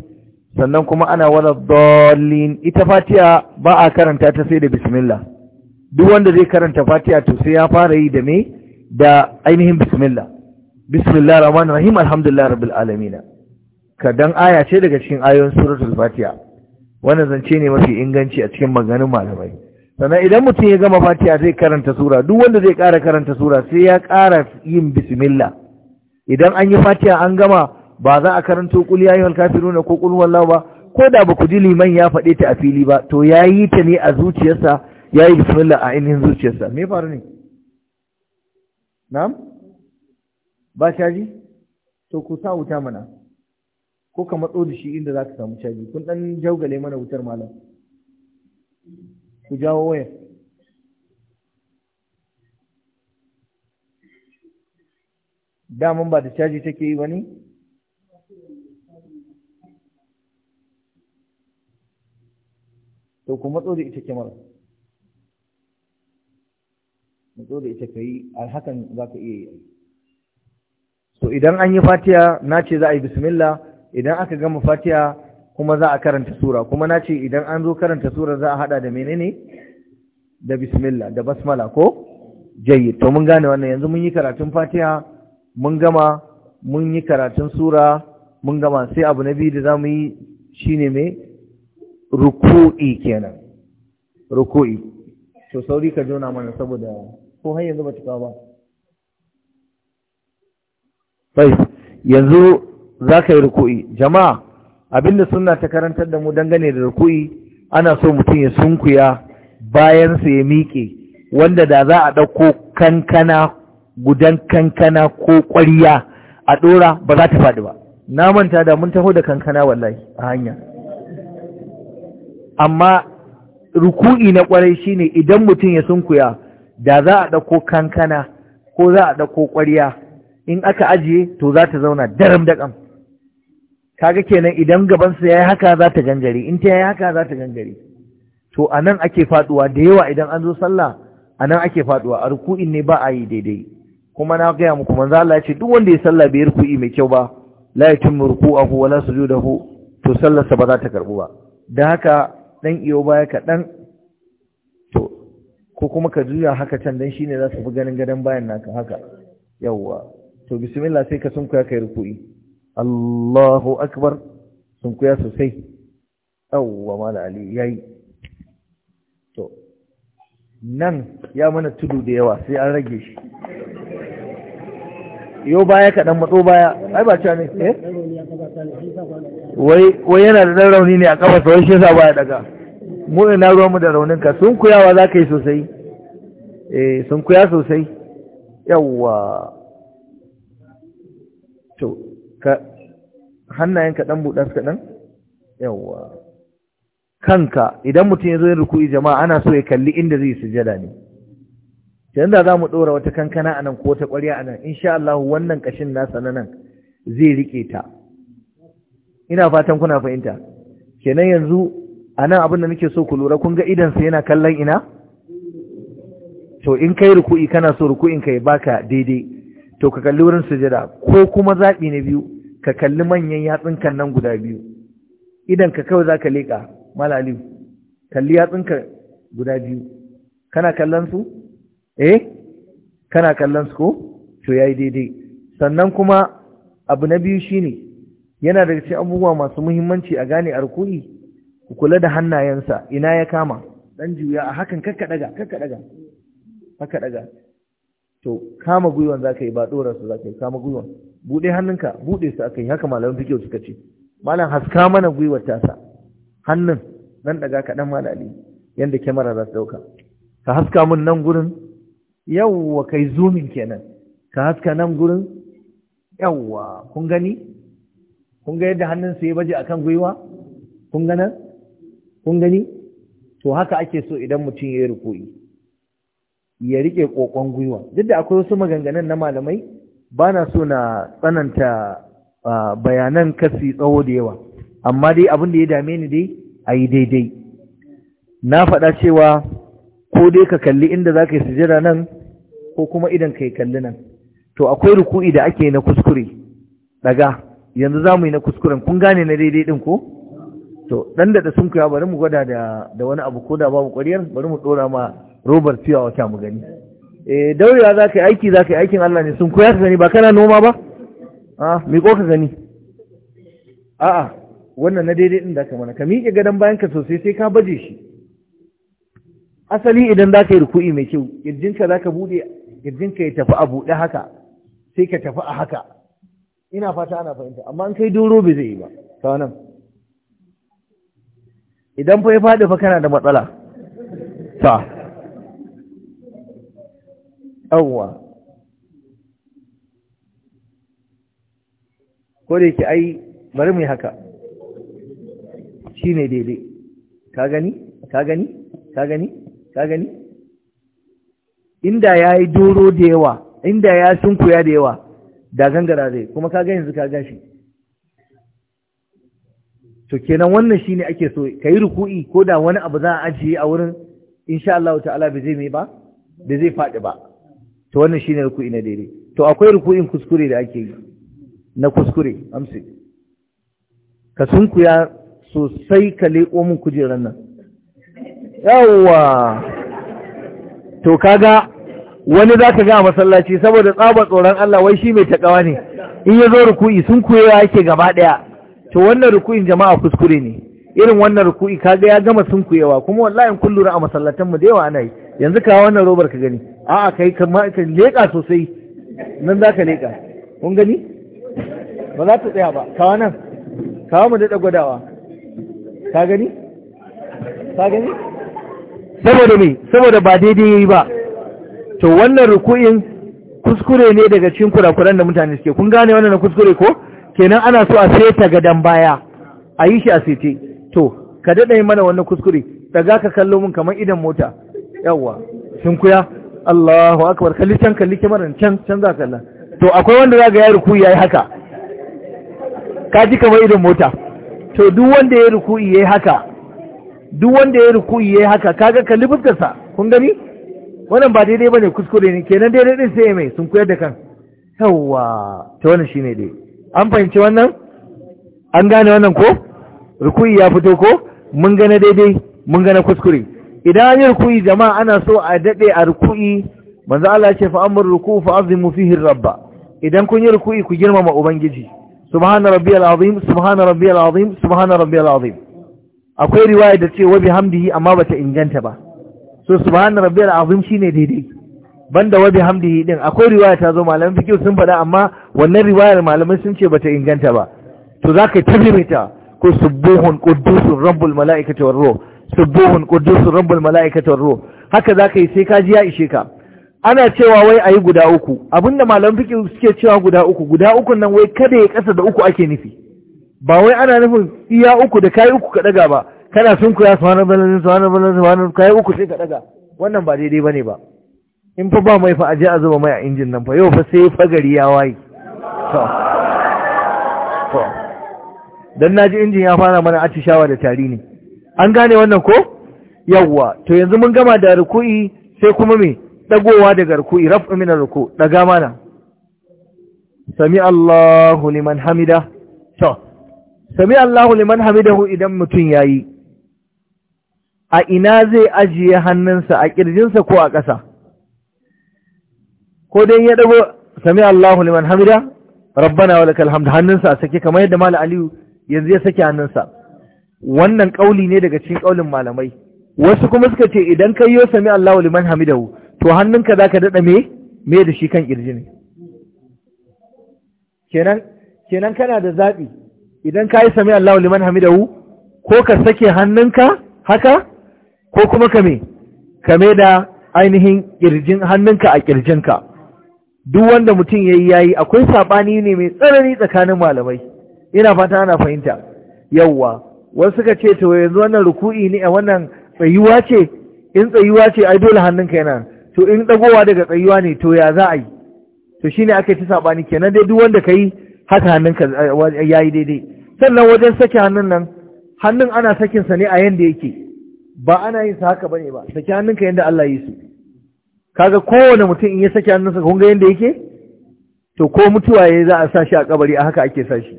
sannan kuma ana wala dolin ita fatiha ba a karanta ta sai da bismillah duk wanda zai karanta fatiha to sai ya fara yi da me da ainihin bismillah bismillah rahman rahim alhamdulillah rabbil alamin Kadan aya ce daga cikin ayoyin suratul fatiha wannan zance ne mafi inganci a cikin maganganun malamai sannan idan mutum ya gama fatiha zai karanta sura duk wanda zai ƙara karanta sura sai ya ƙara yin bismillah idan an yi fatiha an gama ba za a karanto kul ya ayyuhal kafiruna ko kul wallahu ba ko da ba ku ji liman ya faɗe ta a fili ba to ya yi ta ne a zuciyarsa ya yi bismillah a ainihin zuciyarsa me faru ne na'am ba shaji to ku sa wuta mana ko ka matso da shi inda za ka samu caji kun ɗan jaugale mana wutar malam ku jawo waya. daman ba da caji take yi ba to ku matso da ita kyamara matso da ita ka yi alhakan za ka iya yi so idan an yi fatiya na ce za a yi bismillah idan aka gama fatiha kuma za a karanta sura kuma na ce idan an zo karanta sura za a hada da menene da bismillah da basmala ko jayyid to mun gane wannan yanzu mun yi karatun fatiha mun gama mun yi karatun sura mun gama sai abu na biyu da za mu yi shine mai ruku'i kenan ruku'i to sauri ka jona mana saboda ko har yanzu ba ta ba yanzu za ka yi ruku'i jama'a abinda suna ta karantar da mu dangane da ruku'i ana so mutum ya sunkuya bayan su ya miƙe wanda da za a ɗauko kankana gudan kankana ko ƙwariya a ɗora ba za ta faɗi ba na manta da mun taho da kankana wallahi a hanya amma ruku'i na ƙwarai shine idan mutum ya sunkuya da za a ɗauko kankana ko za a ɗauko ƙwariya in aka ajiye to za ta zauna daram daƙam kaga kenan idan gabansa ya yi haka za ta gangare in ta yi haka za ta gangare to a nan ake faduwa da yawa idan an zo sallah a nan ake faduwa a ruku'in ne ba a yi daidai kuma na gaya muku manzo Allah ya ce duk wanda ya sallah bai ruku'i mai kyau ba la yatimmu ruku'ahu la sujudahu to sallarsa ba za ta karbu ba da haka dan iyo baya kaɗan to ko kuma ka juya haka can dan shine za su fi ganin gadan bayan naka haka yawwa to bismillah sai ka sunkuya kai ruku'i Allahu akbar sun kuya sosai yawwa mala ali yi. to nan ya mana tudu da yawa sai an rage shi yau baya kaɗan matso baya ai ba cewa ne eh? wai yana da ɗan rauni ne a ƙafa sauran shi sa baya daga mu ina ruwan mu da raunin ka sun kuyawa za ka yi sosai eh sun kuya sosai yawwa to ka ka dan buɗa su kaɗan yawwa kanka idan mutum ya zo yin ruku'i jama'a ana so ya kalli inda zai sujada ne can da za mu ɗora wata kankana a nan ko wata ƙwarya a nan insha Allah wannan ƙashin nasa na nan zai riƙe ta ina fatan kuna fahimta kenan yanzu a nan abin da nake so ku lura kun ga sa yana kallon ina to in kai ruku'i kana so ruku'in kai baka daidai to ka kalli wurin sujada ko kuma zaɓi na biyu ka kalli manyan yatsunkan nan guda biyu idan ka kawai za ka leƙa malali kalli yatsunka guda biyu kana kallon su eh kana kallon su ko to yayi daidai sannan kuma abu na biyu shine yana daga cikin abubuwa masu muhimmanci a gane arku'i ku kula da hannayensa ina ya kama dan juya a hakan kakka daga kakka daga kakka daga to kama gwiwan za ka yi ba ɗora su za ka yi kama gwiwan buɗe hannunka buɗe su aka yi haka malamin fikiyo suka ce malam haska mana gwiwar tasa hannun nan daga kaɗan ali yadda kyamara za su ɗauka ka haska mun nan gurin yawwa kai zumin kenan ka haska nan gurin yawwa kun gani kun ga yadda hannun su ya baje akan gwiwa kun ga kun gani to haka ake so idan mutum ya yi rukuyi ya rike ƙoƙon gwiwa duk da akwai wasu maganganun na malamai ba na so na tsananta bayanan kasi tsawo da yawa amma dai abin da ya dame ni dai a yi daidai na faɗa cewa ko dai ka kalli inda za ka yi sujada nan ko kuma idan ka yi kalli nan to akwai ruku'i da ake na kuskure daga yanzu za mu yi na kuskuren kun gane na daidai din ko to ɗan da sun kuya bari mu gwada da wani abu ko da babu ƙwariyar bari mu ɗora ma robar fiya wa mu gani eh daurewa za ka yi aiki za ka yi aikin Allah ne sun koya ka gani ba kana noma ba a ko ka gani a'a wannan na daidai din da ka mana ka miƙe gadon bayan ka sosai sai ka baje shi asali idan za ka yi ruku'i mai kyau kirjinka za ka buɗe ƙirjinka ya tafi a buɗe haka sai ka tafi a haka ina fata ana fahimta amma an kai doro bai zai yi ba ta nan idan fa ya faɗi fa kana da matsala ta yawwa ko da yake ai bari mu yi haka shine daidai ka gani ka gani ka gani ka gani inda yayi doro da yawa inda ya sunkuya da yawa da gangara zai kuma ka ga yanzu ka gashi to kenan wannan shine ake so kai ruku'i ko da wani abu za a ajiye a wurin insha Allah ta'ala bai zai mai ba bai zai faɗi ba to wannan shine ruku'i na daidai to akwai ruku'in kuskure da ake yi na kuskure amsi ka sunkuya sosai ka leƙo min kujerar nan yawwa to kaga wani za ka ga a masallaci saboda tsaba tsoron Allah wai shi mai takawa ne in ya zo ruku'i sun kuyewa yake gaba ɗaya to wannan ruku'in jama'a kuskure ne irin wannan ruku'i kaga ya gama sun kuyewa kuma wallahi in kun lura a masallatan mu da yawa ana yi yanzu ka wannan robar ka gani a'a kai kamar ka leƙa sosai nan za ka leƙa kun gani ba za ta tsaya ba kawo nan kawo mu daɗa gwadawa ka gani ka gani saboda me saboda ba daidai yayi ba to wannan ruku'in kuskure ne daga cikin kurakuran da mutane suke kun gane wannan na kuskure ko kenan ana so a seta gadan baya a yi shi a sete to ka daɗa yi mana wannan kuskure daga ka kallo mun kamar idan mota yawwa sun kuya Allahu akbar kalli can kalli kyamarar can can za kalla to akwai wanda za ga ya ruku ya yi haka ka ji kamar idon mota to duk wanda ya ruku ya yi haka duk wanda ya ruku ya yi haka kaga kalli fuskarsa kun gani wannan ba daidai bane kuskure ne kenan daidai din sai mai sun koyar da kan yawa to wannan shine dai an fahimci wannan an gane wannan ko rukuyi ya fito ko mun gane daidai mun gane kuskure idan an yi ruku'i jama'a ana so a daɗe a ruku'i manzo Allah ce fa amr ruku fa azimu fihi rabba idan kun yi ruku'i ku girmama ubangiji subhana rabbiyal azim subhana rabbiyal azim subhana rabbiyal azim akwai riwaya da ce wa bihamdihi amma bata inganta ba so subhana rabbiyal azim shine daidai banda wa bihamdihi din akwai riwaya ta zo malaman fiqh sun faɗa amma wannan riwayar malamai sun ce bata inganta ba to zaka tabbata ko subuhun qudusur rabbul malaikati war ruh subuhun qudusun rabbul malaikati ruh haka zaka yi sai ka ji ya ishe ka ana cewa wai ayi guda uku abinda malam fiqh suke cewa guda uku guda uku nan wai kada ya kasa da uku ake nufi ba wai ana nufin iya uku da kai uku ka daga ba kana sun kuya subhanallahi subhanallahi subhanallahi kai uku sai ka daga wannan ba daidai bane ba in fa ba mai fa aje a zuba mai a injin nan fa yau fa sai fa gari ya waye to to dan naji injin ya fara mana aci-shawa da tari ne an gane wannan ko yawwa to yanzu mun gama da ruku'i sai kuma me dagowa daga ruku'i raf'u min ruku daga mana sami Allahu liman hamida to sami Allahu liman hamidahu idan mutun yayi a ina zai ajiye hannunsa a kirjinsa ko a ƙasa ko dai ya dago sami Allahu liman hamida rabbana wa lakal hamd hannunsa sake kamar yadda mal aliyu yanzu ya sake hannunsa wannan kauli ne daga cikin ƙaulin malamai wasu kuma suka ce idan kai yo sami Allahu liman hamidahu to hannunka zaka dada me me da shi kan kirji ne kenan kenan kana da zaɓi idan kai sami Allahu liman hamidahu ko ka sake hannunka haka ko kuma ka me ka me da ainihin kirjin hannunka a kirjinka duk wanda mutum yayi yayi akwai saɓani ne mai tsanani tsakanin malamai ina fata ana fahimta yawwa Wani suka ce to yanzu wannan ruku'i ne a wannan tsayuwa ce in tsayuwa ce ai dole hannunka yana to in dagowa daga tsayuwa ne to ya za a yi to shine aka ci sabani kenan dai duk wanda kai haka hannunka eh, yayi daidai sannan wajen sake hannun nan hannun ana sakin sa ne a yanda yake ba ana yin sa haka bane ba saki hannunka yanda Allah yi su kaga kowane mutum in ya saki hannunsa kun ga yanda yake to ko mutuwa yayi za a sa shi a kabari a haka ake sa shi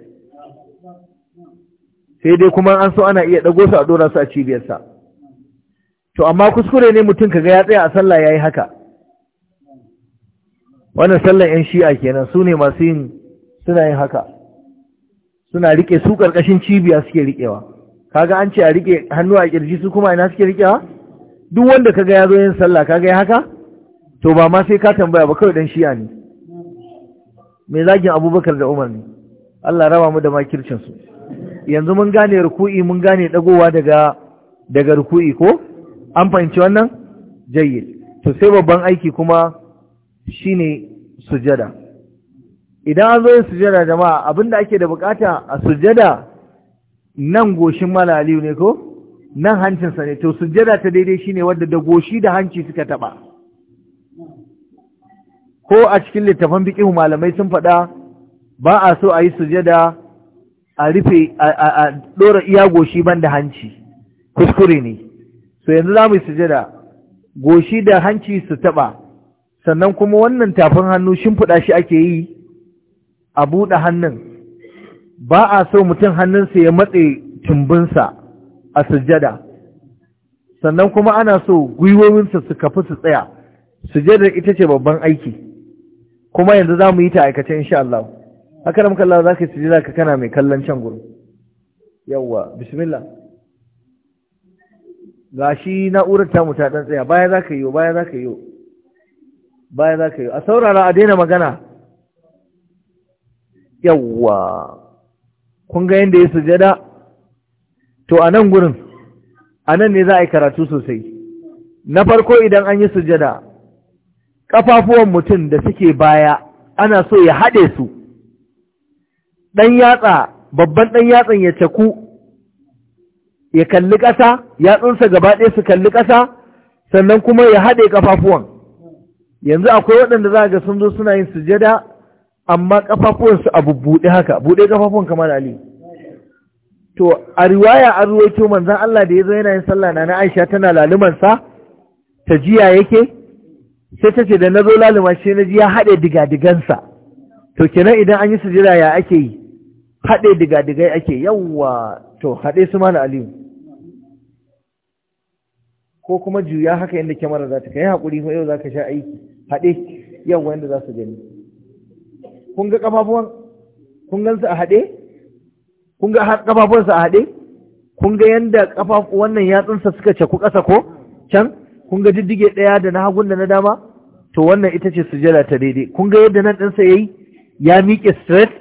sai dai kuma an so ana iya ɗago su a ɗora su a cibiyarsa to amma kuskure ne mutum kaga ya tsaya a sallah ya yi haka wannan sallan 'yan shi'a kenan su ne masu yin suna yin haka suna riƙe su ƙarƙashin cibiya suke riƙewa kaga an ce a riƙe hannu a ƙirji su kuma ina suke riƙewa duk wanda kaga ya zo yin sallah kaga ya haka to ba ma sai ka tambaya ba kawai ɗan shi'a ne Me zagin abubakar da umar ne Allah raba mu da makircinsu yanzu mun gane ruku'i mun gane dagowa daga daga ruku'i ko an fahimci wannan jayyid to sai babban aiki kuma shine sujada idan an zo yin sujada jama'a abinda ake da bukata a sujada nan goshin malaliyu ne ko nan hancinsa ne to sujada ta daidai shine wadda da goshi da hanci suka taba ko a cikin littafan bikin malamai sun faɗa ba a so a yi sujada a rufe a ɗora iya goshi ban da hanci kuskure ne so yanzu za mu yi sujada goshi da hanci su taɓa sannan kuma wannan tafin hannu shimfiɗa shi ake yi a buɗe hannun ba a so mutum hannunsa ya matse tumbinsa a sujada sannan kuma ana so gwiwowinsa su kafi su tsaya sujadar ita ce babban aiki kuma yanzu za mu yi ta aikace insha Haka da akaram za ka yi sujada ka kana mai kallon can gurin yawa bismillah shi na'urar mutu ta ɗan tsaya baya za ka yi baya ka yi baya ka yi a saurara a daina magana Yawwa kun ga yadda ya sujada to a nan gurin a nan ne za a yi karatu sosai na farko idan an yi sujada ƙafafuwan mutum da suke baya ana so ya haɗe su ɗan yatsa babban ɗan yatsan ya caku ya kalli ƙasa yatsunsa gaba ɗaya su kalli ƙasa sannan kuma ya haɗe ƙafafuwan yanzu akwai waɗanda za ga sun zo suna yin sujada amma ƙafafuwansu a buɗe haka buɗe ƙafafuwan kamar ali to a riwaya an ruwaito manzon Allah da ya zo yana yin sallah na Aisha tana lalumansa ta jiya yake sai ta ce da na zo laluma shi na jiya ya haɗe diga-digansa to kenan idan an yi sujada ya ake yi haɗe diga-digai ake yawwa to haɗe su mana aliyu ko kuma juya haka yadda kyamara za ta kai haƙuri yau za ka sha aiki haɗe yawwa yadda za su gani kun ga ƙafafuwan su a haɗe kun ga ƙafafuwansu a haɗe kun ga yadda wannan yatsunsa suka caku ƙasa ko can kun ga diddige ɗaya da na hagun da na dama to wannan ita ce sujada ta daidai kun ga yadda nan ɗinsa ya yi ya miƙe straight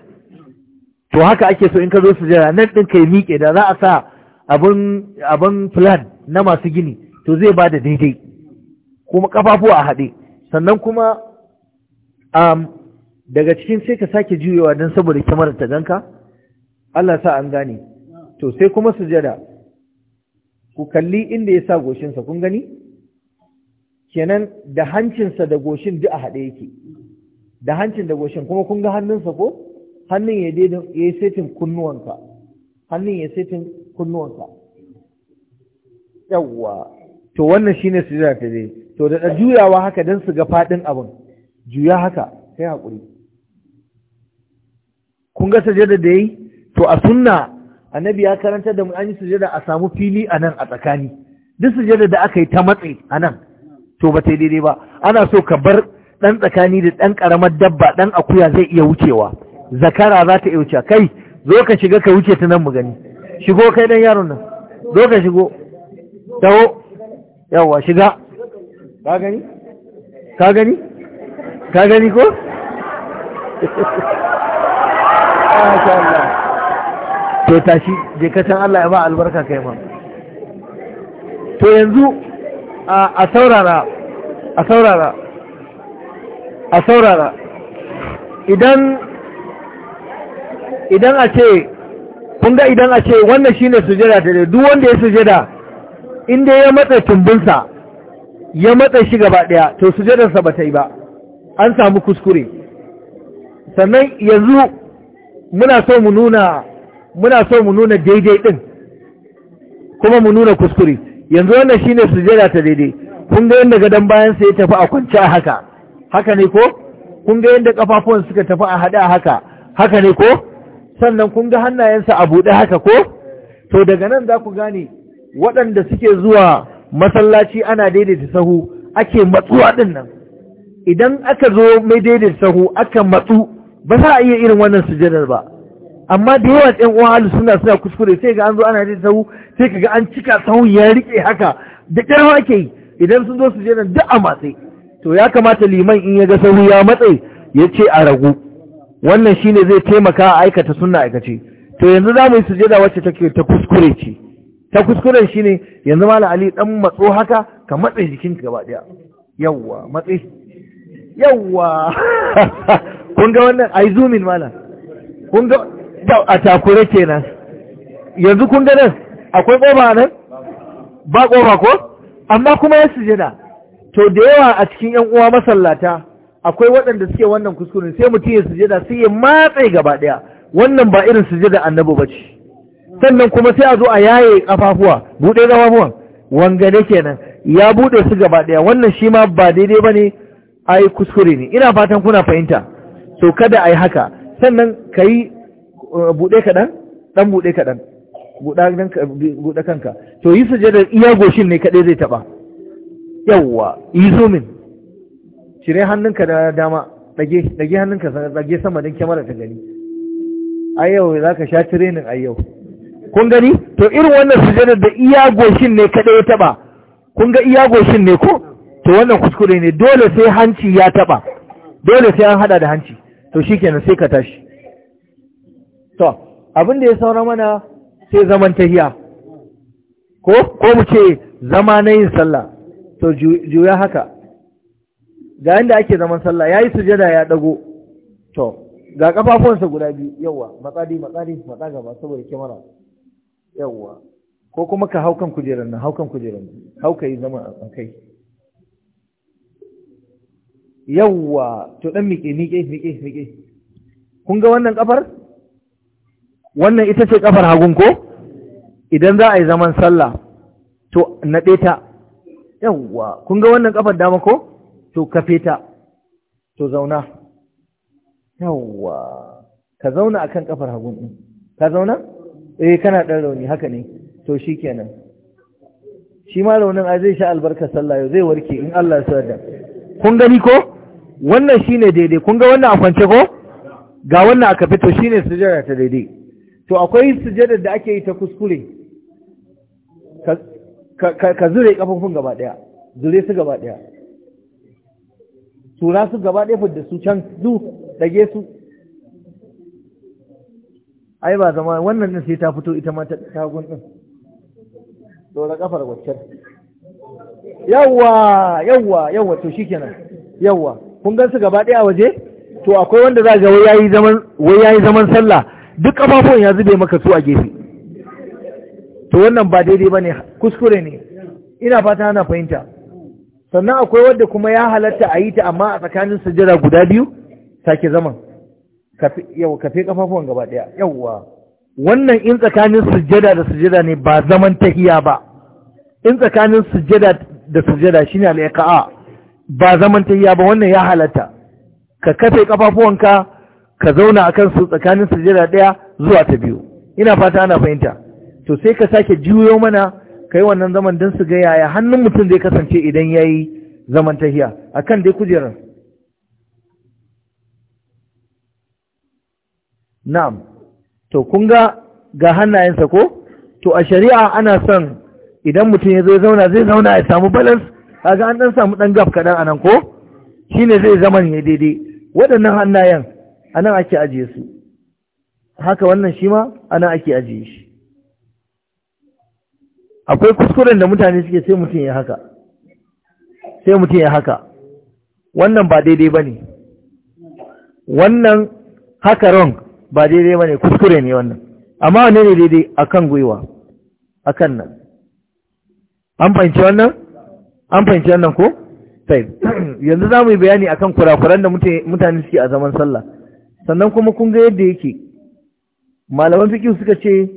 to haka ake so in ka zo sujada nan ɗin ka yi miƙe da za a sa abin plan na masu gini to zai ba da daidai kuma ƙafafuwa a haɗe sannan kuma um, daga cikin sai ka sake juyewa don saboda kyamarar ta ganka Allah sa an gane to sai kuma sujada ku kalli inda ya sa goshinsa kun gani kenan da hancinsa da goshin duk a haɗe yake da hancin da goshin kuma kun ga hannunsa ko hannun ya daidai ya yi setin kunnuwanka hannun ya setin kunnuwanka yawwa to wannan shine sujada ta dai to da juyawa haka don su ga fadin abin juya haka sai hakuri kun ga sujada da yi? to a sunna annabi ya karanta da mu an yi sujada a samu fili anan a tsakani duk sujada da aka yi ta matsi nan, to ba ta daidai ba ana so ka bar ɗan tsakani da ɗan ƙaramar dabba ɗan akuya zai iya wucewa zakara za ta yauce kai zo ka shiga ka wuce ta nan mu gani shigo kai dan yaron nan zo ka shigo taho yawa shiga ka gani ka gani ka gani ko Allah. to tashi je ka san Allah ya ba albarka kai ma to yanzu a saurara a saurara a saurara idan idan a ce kun idan a ce wannan shine sujada ta duk wanda ya sujada inda ya matsa tumbinsa ya matsa shi gaba daya to sujadarsa ba ta yi ba an samu kuskure sannan yanzu muna so mu nuna muna so mu nuna daidai din kuma mu nuna kuskure yanzu wannan shine sujada ta daidai kun ga yadda gadon bayansa ya tafi a kwanci a haka haka ne ko kun ga yadda kafafuwan suka tafi a haɗe a haka haka ne ko sannan kun ga hannayensa a buɗe haka ko to daga nan za ku gane waɗanda suke zuwa masallaci ana daidaita sahu ake matsuwa ɗin nan idan aka zo mai daidaita sahu aka matsu ba za a iya irin wannan sujadar ba amma da yawa ɗan uwan halu suna suna kuskure sai ga an zo ana daidaita sahu sai ka ga an cika sahu ya riƙe haka da ƙarfi ake yi idan sun zo sujadar duk a matse to ya kamata liman in ya ga sahu ya matse? ya ce a ragu wannan shine zai taimaka a aikata sunna aikace to yanzu za mu yi sujada wacce take ta kuskure ce ta kuskuren shine yanzu malam ali dan matso haka ka matse ka gaba daya yawwa matse yawwa kun ga wannan ai zoomin malam kun ga a takure kenan yanzu kun ga nan akwai kofa nan ba kofa ko amma kuma ya sujada to da yawa a cikin yan uwa masallata akwai waɗanda suke wannan kuskure sai mutum ya sujada sai ya matse gaba ɗaya wannan ba irin sujada annabi ba ce sannan kuma sai a zo a yaye kafafuwa buɗe kafafuwan wangane kenan ya buɗe su gaba ɗaya wannan shi ma ba daidai ba ne a yi kuskure ne ina fatan kuna fahimta so kada a yi haka sannan ka yi uh, buɗe kaɗan ɗan buɗe kaɗan buɗe kanka to yi sujadar iya goshin ne kaɗai zai taɓa yawwa yi zo min. cire hannunka da dama dage dage hannunka dage sama don kyamara ta gani a yau za ka sha tirenin a yau kun gani to irin wannan sujadar da iya goshin ne kaɗai ya taɓa kun ga iya goshin ne ko to wannan kuskure ne dole sai hanci ya taɓa dole sai an haɗa da hanci to shikenan sai ka tashi to abin da ya saura mana sai zaman tahiya ko ko mu ce zama na yin sallah to juya haka ga yanda ake zaman sallah ya yi sujada ya dago to ga kafafuwansa guda biyu yawa matsadi matsadi matsa gaba saboda kyamara yawa ko kuma ka hau kan kujerar nan hau kan kujerar nan hau ka yi zama a kai yawa to dan miƙe miƙe miƙe miƙe kun ga wannan kafar wannan ita ce kafar hagun ko idan za a yi zaman sallah to naɗe ta yawa kun ga wannan kafar dama ko to ka feta to zauna yawwa ka zauna akan kafar hagun din ka zauna eh kana dan rauni haka ne to shikenan shi ma raunin a zai sha albarka sallah yau zai warke in Allah ya sa kun gani ko wannan shine daidai kun ga wannan a kwance ko ga wannan aka fito shine sujada ta daidai to akwai sujjadar da ake yi ta kuskure ka zure kafofin gaba daya zure su gaba daya tura su gaba ɗaya da su can du dage su ai ba zama wannan din sai ta fito ita ma ta tagun din dora kafar waccan yawwa yawwa yawwa to shikenan yawwa kun gan su gaba ɗaya a waje to akwai wanda za ga wai yayi zaman wai yayi zaman sallah duk kafafun ya zube maka su a gefe to wannan ba daidai bane kuskure ne ina fata ana fahimta sannan akwai wadda kuma ya halatta a yi ta amma a tsakanin sujada guda biyu sake zaman yau kafe kafafuwan gaba daya yawwa wannan in tsakanin sujada da sujada ne ba zaman tahiya ba in tsakanin sujada da sujada shine al a. ba zaman tahiya ba wannan ya halatta ka kafe kafafuwanka ka zauna a su tsakanin sujada daya zuwa ta biyu ina fata ana fahimta to sai ka sake juyo mana kai wannan zaman don su ga yaya hannun mutum zai kasance idan ya yi zaman tafiya, a kan dai kujerar na'am to kun ga ga hannayensa ko to a shari'a ana son idan mutum ya zai zauna zai zauna ya samu balance kaga an dan samu ɗan gaf kaɗan a nan ko ne zai zaman ya daidai waɗannan hannayen a nan ake ajiye su haka wannan shi ma a nan ake ajiye shi akwai kuskuren da mutane suke sai mutum ya haka sai mutum ya haka wannan ba daidai ba ne wannan haka wrong ba daidai ba ne kuskure ne wannan amma wane ne daidai a kan gwiwa a kan nan an fahimci wannan an fahimci wannan ko sai yanzu za mu yi bayani akan kurakuran da mutane suke a zaman sallah sannan kuma kun ga yadda yake malaman fikihu suka ce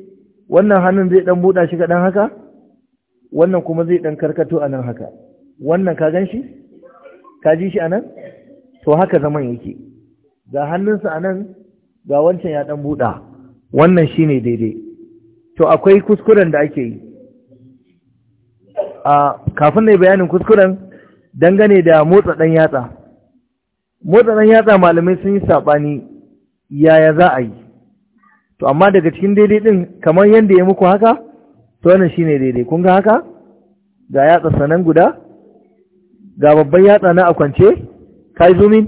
wannan hannun zai dan buɗa shi kaɗan haka wannan kuma zai ɗan karkato a nan haka wannan ka gan shi? ka ji shi a nan? to haka zaman yake ga hannunsa a nan ga wancan ya ɗan buɗa wannan shi ne daidai to akwai kuskuren da ake yi a kafin na bayanin kuskuren dangane da motsa ɗan yatsa motsa ɗan yatsa malamai sun yi saɓani yaya za a yi to amma daga cikin daidai ɗin kamar yadda ya muku haka to wannan ne daidai kun ga haka ga yatsa sanan guda ga babban yatsa na a kwance kai zumin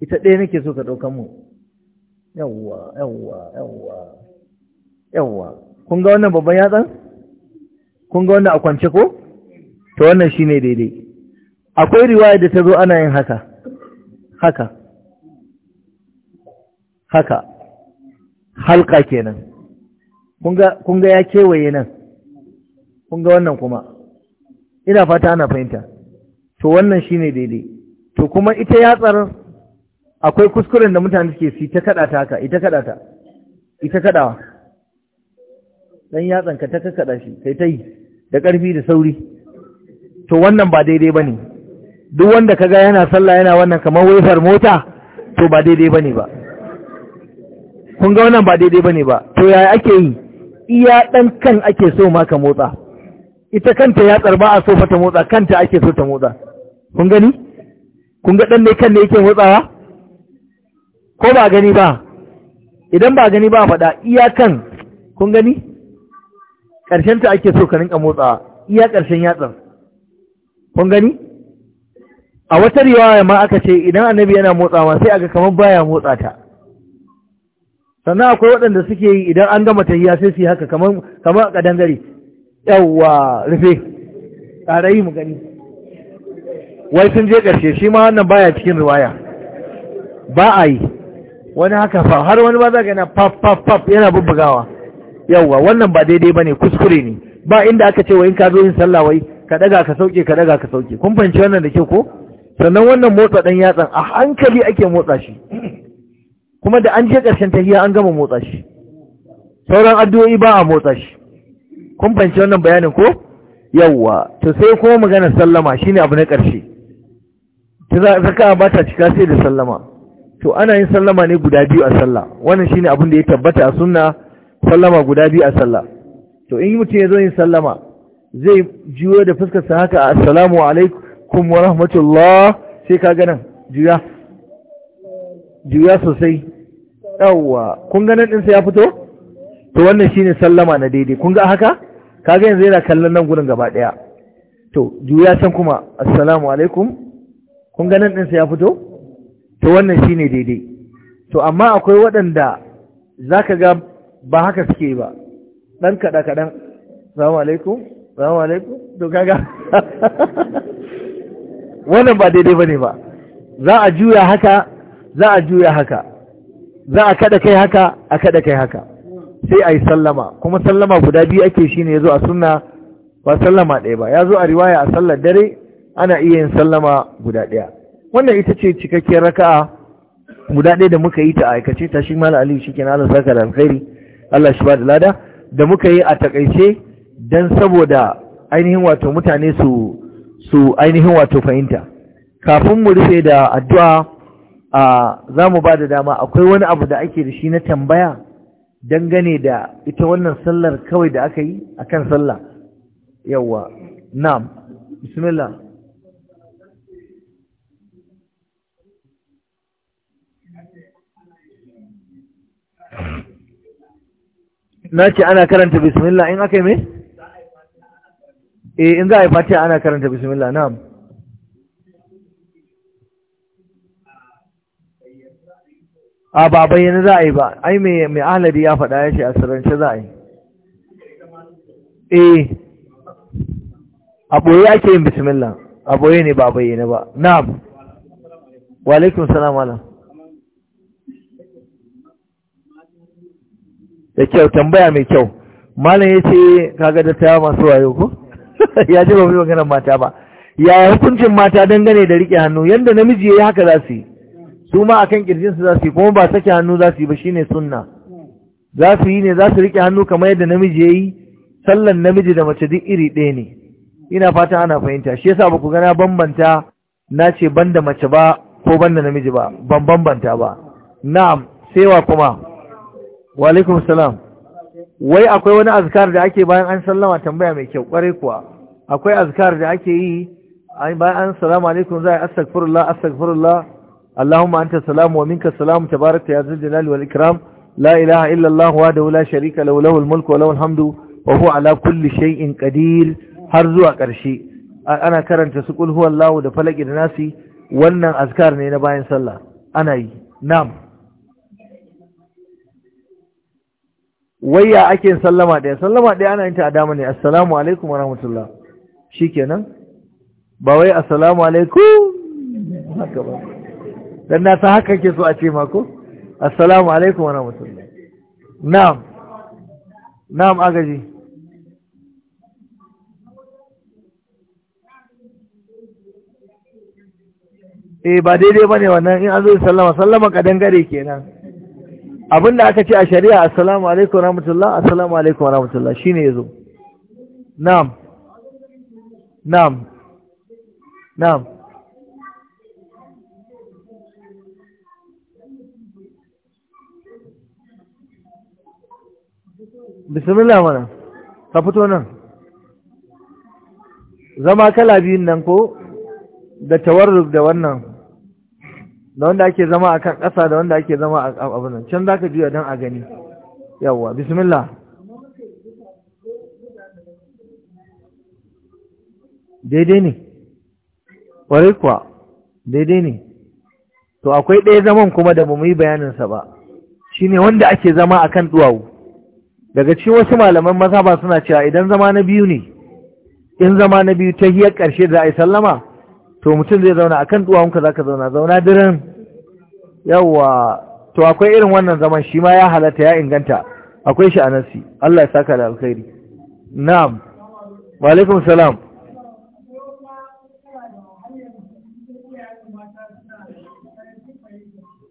ita ɗaya nake so ka ɗaukan mu yawwa yawwa yawwa yawwa kun ga wannan babban yatsan kun ga wannan a kwance ko to wannan shi ne daidai akwai riwaya da ta zo ana yin haka haka haka halka kenan kun ga ya kewaye nan kun ga wannan kuma ina fata ana fahimta to wannan shine daidai to kuma ita yatsar akwai kuskuren da mutane suke su ta kada ta haka ita kada ta ita kadawa dan yatsan ka ta kada shi ta yi da karfi da sauri to wannan ba daidai bane duk wanda kaga yana sallah yana wannan kamar wayar mota to ba daidai bane ba kun ga wannan ba daidai ba ne ba to yaya ake yi iya ɗan kan ake so ma ka motsa ita kanta yatsar ba a so fata ta motsa kanta ake so ta motsa kun gani kun ga ɗan ne kan ne yake motsawa ko ba gani ba idan ba gani ba faɗa iya kan kun gani ƙarshen ta ake so ka rinka motsawa iya ƙarshen yatsar kun gani a wata riwaya ma aka ce idan annabi yana motsawa sai aga kamar baya motsa ta sannan akwai waɗanda suke yi idan an gama tahiya sai su yi haka kamar kamar kadan gari yawwa rufe yi mu gani wai sun je ƙarshe shi ma wannan baya cikin riwaya ba a yi wani haka fa har wani ba za ka yana pap pap pap yana bubbugawa yawwa wannan ba daidai ba ne kuskure ne ba inda aka ce wa in ka zo yin sallah wai ka daga ka sauke ka daga ka sauke kun fahimci wannan da ke ko sannan wannan motsa ɗan yatsan a hankali ake motsa shi kuma da an je ƙarshen tahiya an gama motsa shi sauran addu'o'i ba a motsa shi kun fahimci wannan bayanin ko yawwa to sai kuma magana sallama shine abu na ƙarshe zaka ba ta cika sai da sallama to ana yin sallama ne guda biyu a sallah wannan shine abin da ya tabbata a sunna sallama guda biyu a sallah to in mutum ya zo yin sallama zai juyo da fuskar sa haka assalamu alaikum wa rahmatullah sai ka ganin juya juya sosai yawwa kun ganin nan ɗinsa ya fito to wannan shine sallama na daidai kun ga haka kaga yanzu yana kallon nan gurin gaba ɗaya to juya san kuma assalamu alaikum kun ganin nan ɗinsa ya fito to wannan shine daidai to amma akwai waɗanda za ka ga ba haka suke ba ɗan kaɗa-kaɗan salamu alaikum salamu alaikum to kaga wannan ba daidai ba ne ba za a juya haka za a juya haka za a kada kai haka a kada kai haka sai a yi sallama kuma sallama guda biyu ake shi ne ya zo a sunna ba sallama ɗaya ba ya zo a riwaya a sallar dare ana iya yin sallama guda ɗaya wannan ita ce cikakkiyar raka'a guda ɗaya da muka yi ta aikace ta shi mala aliyu shi kenan Allah saka da alkhairi Allah shi ba da lada da muka yi a takaice dan saboda ainihin wato mutane su su ainihin wato fahimta kafin mu rufe da addu'a za mu ba da dama akwai wani abu da ake da shi na tambaya dangane da ita wannan sallar kawai da aka yi a kan sallah yawa na'am bismillah na ce ana karanta bismillah in aka yi mai? eh in za a yi fatiha ana karanta bismillah na'am a ba bayyana za a yi ba ai mai ahalari ya faɗa ya ce a sirrance za a yi eh a ɓoye ake yin bismillah a ɓoye ne ba bayyana ba na'am wa alaikum salam ala da kyau tambaya mai kyau malam ya ce kaga da tawa masu wayo ko ya ce ba mu yi maganar mata ba ya hukuncin mata dangane da riƙe hannu yadda namiji ya yi haka za su yi su ma a kan su za su yi kuma ba sake hannu za su yi ba shine sunna za su yi ne za su rike hannu kamar yadda namiji ya yi? sallan namiji da mace duk iri ɗaya ne ina fata ana fahimta shi yasa baku gana bambanta na ce ban da mace ba ko ban da namiji ba ban bambanta ba na'am sai wa kuma wa alaikum salam wai akwai wani azkar da ake bayan an sallama tambaya mai kyau kwarai kuwa akwai azkar da ake yi bayan an salamu alaikum za a yi astagfirullah astagfirullah اللهم أنت السلام ومنك السلام تبارك يا ذي الجلال والإكرام لا إله إلا الله وحده لا شريك له له الملك وله الحمد وهو على كل شيء قدير har zuwa ƙarshe ana karanta su kul huwallahu da falaki nasi wannan azkar ne na bayan sallah ana yi na'am wayya ake sallama ɗaya sallama ɗaya ana yin ta a dama ne alaikum wa rahmatullah shikenan ba wai assalamu alaikum dan na san haka ke so a ce ma ko assalamu alaikum wa rahmatullah na'am na'am agaji eh ba daidai bane wannan in an zo sallama sallama kadan gare kenan abinda aka ce a shari'a assalamu alaikum wa rahmatullah assalamu alaikum wa rahmatullah shine yazo na'am na'am na'am bismillah mana ka fito nan zama kala biyun nan ko da tawarruk da wannan da wanda ake zama a kan ƙasa da wanda ake zama a nan? can za ka juya don a gani yawwa bismillah daidai ne ƙwarai kuwa daidai ne to akwai ɗaya zaman kuma da mu yi bayaninsa ba Shi ne wanda ake zama a kan duwawu daga cikin wasu malaman mazhaba suna cewa idan zama na biyu ne in zama na biyu ta hiyar ƙarshe da ai sallama to mutum zai zauna akan duwawunka zaka zauna zauna dirin yawa to akwai irin wannan zaman shi ma ya halatta ya inganta akwai shi a nasi Allah ya saka da alkhairi na'am wa alaikum salam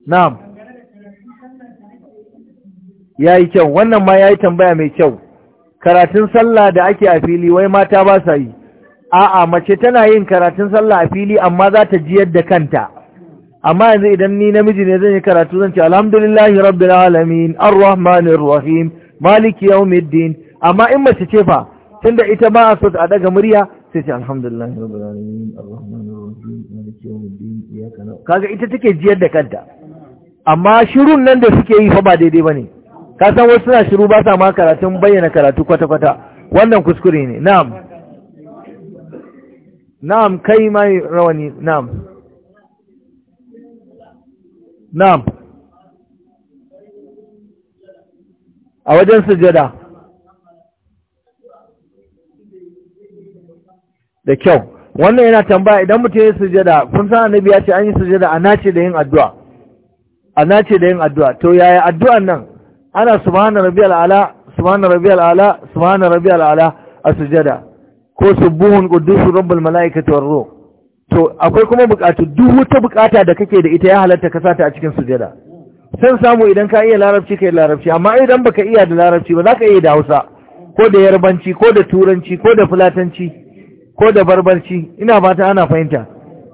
na'am ya yi kyau wannan ma ya yi tambaya mai kyau karatun sallah da ake a fili wai mata ba sa yi a'a mace tana yin karatun sallah a fili amma za ta jiyar da kanta amma yanzu idan ni namiji ne zan yi karatu zan ce alhamdulillahi rabbil alamin arrahmanir rahim maliki yawmiddin amma in mace ce fa tunda ita ba a so ta daga murya sai ce alhamdulillahi rabbil alamin arrahmanir rahim maliki yawmiddin iyaka na'budu kaga ita take jiyar da kanta amma shirun nan da suke yi fa ba daidai bane ka san wasu suna shiru ba sa ma karatun bayyana karatu kwata-kwata wannan kuskure ne na'am na'am kai mai rawani na'am na'am a wajen sujada da kyau wannan yana tambaya idan mutum ya sujada kun san annabi ya ce an yi sujada a nace da yin addu'a a nace da yin addu'a to yaya addu'an nan ana subhanar rabi al'ala, subhanar rabi al'ala, subhanar rabi al'ala a sujada ko subuhun ƙudusun rabbul malaikati war ruh to akwai kuma bukatu duk wata bukata da kake da ita ya halatta ka sata a cikin sujada san samu idan ka iya larabci ka yi larabci amma idan baka iya da larabci ba za ka iya da Hausa ko da yarbanci ko da turanci ko da fulatanci ko da barbarci ina fata ana fahimta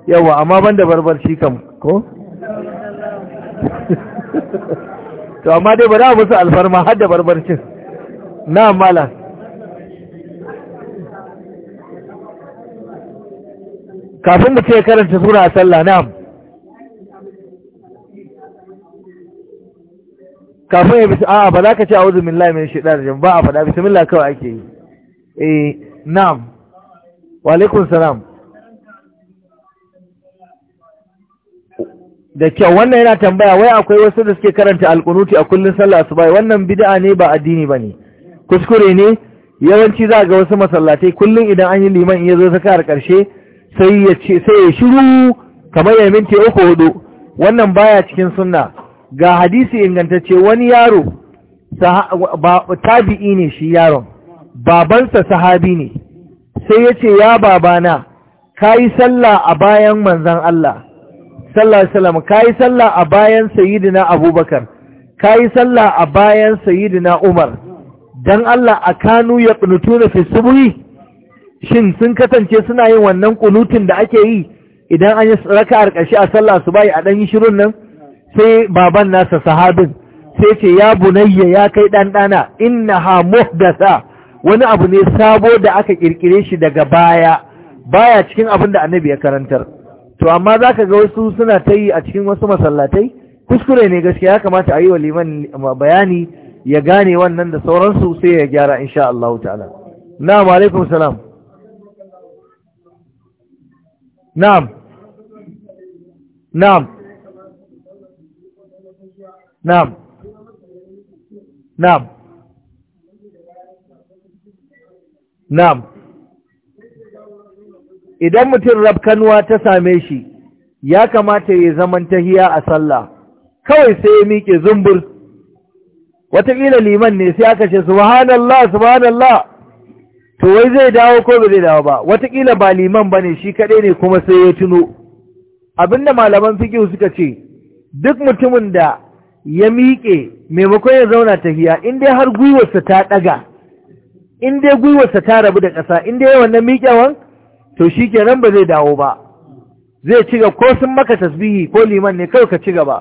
yawa amma ban da barbarci kam ko to amma dai ba za musu alfarma har da barbarcin na mala kafin mu ce karanta sura a sallah na. kafin ya bisa a ba za ka ce a'udhu billahi min shaitanir rajim ba a faɗa bismillah kawai ake yi eh na'am wa a'laikun salam da kyau wannan yana tambaya wai akwai wasu da suke karanta alkunuti a kullun sallah su bai wannan bid'a ne ba addini bane kuskure ne yawanci za ga wasu masallatai kullun idan an yi liman in zo saka har karshe sai ya ce sai ya shiru kamar ya minti uku hudu wannan baya cikin sunna ga hadisi ingantacce wani yaro tabi'i ne shi yaron babansa sahabi ne sai ya ce ya babana ka yi sallah a bayan manzan Allah sallallahu alaihi wasallam kai sallah a bayan sayyidina abubakar kai sallah a bayan sayyidina umar dan Allah a kanu ya na fi subuhi shin sun katance suna yin wannan kunutun da ake yi idan an yi raka'ar ƙarshe a sallah subahi a dan yi shirun nan sai baban nasa sahabin sai ce ya bunayya ya kai dan dana innaha muhdatha wani abu ne sabo da aka kirkire shi daga baya baya cikin abin da annabi ya karantar to amma za ka ga wasu suna ta yi a cikin wasu masallatai kuskure ne gaskiya ya kamata a yi wa liman bayani ya gane wannan da sauransu sai ya gyara insha Allah ta'ala na'am alaikum salam na'am na'am na'am na'am na'am idan mutum rabkanuwa ta same shi ya kamata ya zaman tahiya a sallah kawai sai ya miƙe zumbur wataƙila liman ne sai aka ce subhanallah subhanallah to wai zai dawo ko ba zai dawo ba wataƙila ba liman ba ne shi kaɗai ne kuma sai ya tuno abinda malaman fikihu suka ce duk mutumin da ya miƙe maimakon ya zauna tahiya in dai har gwiwarsa ta ɗaga in dai gwiwarsa ta rabu da ƙasa in dai wannan miƙewan to shi kenan ba zai dawo ba zai ci gaba ko sun maka tasbihi ko liman ne kawai ka ci gaba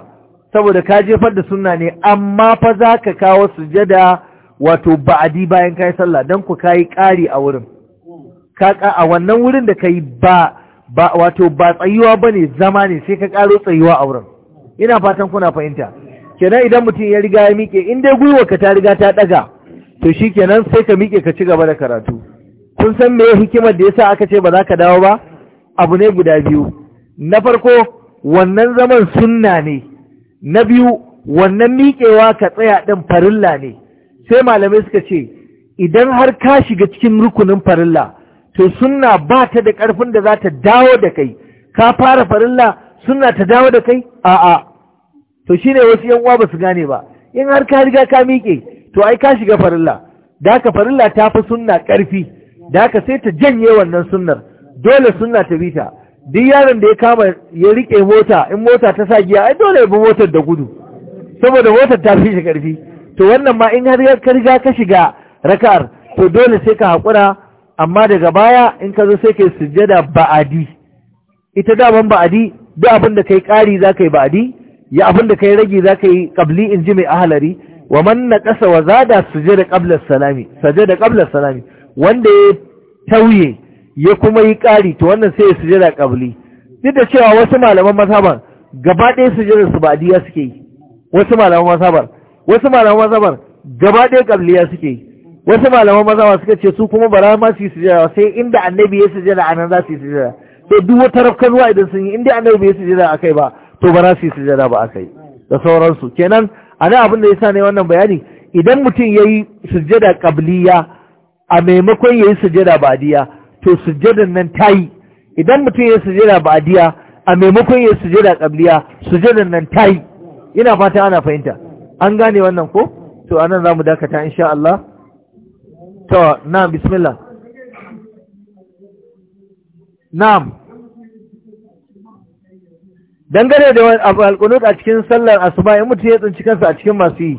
saboda ka jefar da suna ne amma fa za ka kawo sujada wato ba'adi bayan kayi sallah don ku yi ƙari a wurin ka a wannan wurin da kayi ba ba wato ba tsayuwa bane zama ne sai ka ƙaro tsayuwa a wurin ina fatan kuna fahimta kenan idan mutum ya riga ya miƙe in dai gwiwa ka ta riga ta ɗaga to shi kenan sai ka miƙe ka ci gaba da karatu kun san me hikimar da ya sa aka ce ba za ka dawo ba abu ne guda biyu na farko wannan zaman sunna ne na biyu wannan miƙewa ka tsaya ɗin farilla ne sai malamai suka ce idan har ka shiga cikin rukunin farilla to sunna ba ta da ƙarfin da za ta dawo da kai ka fara farilla sunna ta dawo da kai a'a to shine wasu yan uwa ba su gane ba in har ka riga ka miƙe to ai ka shiga farilla da ka farilla ta fi sunna ƙarfi da haka sai ta janye wannan sunnar dole sunna ta bi ta duk yaron da ya kama ya rike mota in mota ta sa giya ai dole ya bi motar da gudu saboda motar ta fi shi karfi to wannan ma in har ya riga ka shiga raka'ar to dole sai ka haƙura amma daga baya in ka zo sai ka sujjada ba'adi ita daman ba'adi duk abin da kai ƙari za ka yi ba'adi ya abin da kai rage za ka yi ƙabli in ji mai ahalari wa man na ƙasa wa zada sujjada ƙablar salami sujjada ƙablar salami wanda ya tauye ya kuma yi ƙari to wannan sai ya sujada ƙabli duk da cewa wasu malaman masabar gaba ɗaya sujada su ba'diya suke yi wasu malaman masabar wasu malaman masabar gaba ɗaya ƙabliya suke yi wasu malaman masabar suka ce su kuma bara ma su yi sujada sai inda annabi ya sujada a nan za su yi sujada sai duk wata rafkanuwa idan sun yi inda annabi bai sujada kai ba to ba za su yi sujada ba a kai, da sauransu kenan ana abin da ya sa ne wannan bayani idan mutum ya yi sujada ƙabliya a maimakon ya yi sujada ba'adiyya to sujadan nan ta yi idan mutum ya yi sujada ba'adiyya a maimakon ya yi sujada qabliya sujadan nan ta yi ina fata ana fahimta an gane wannan ko to anan zamu dakata insha Allah to na bismillah na'am dangane da alqunut a cikin sallar asuba in mutum ya tsinci kansa a cikin masu yi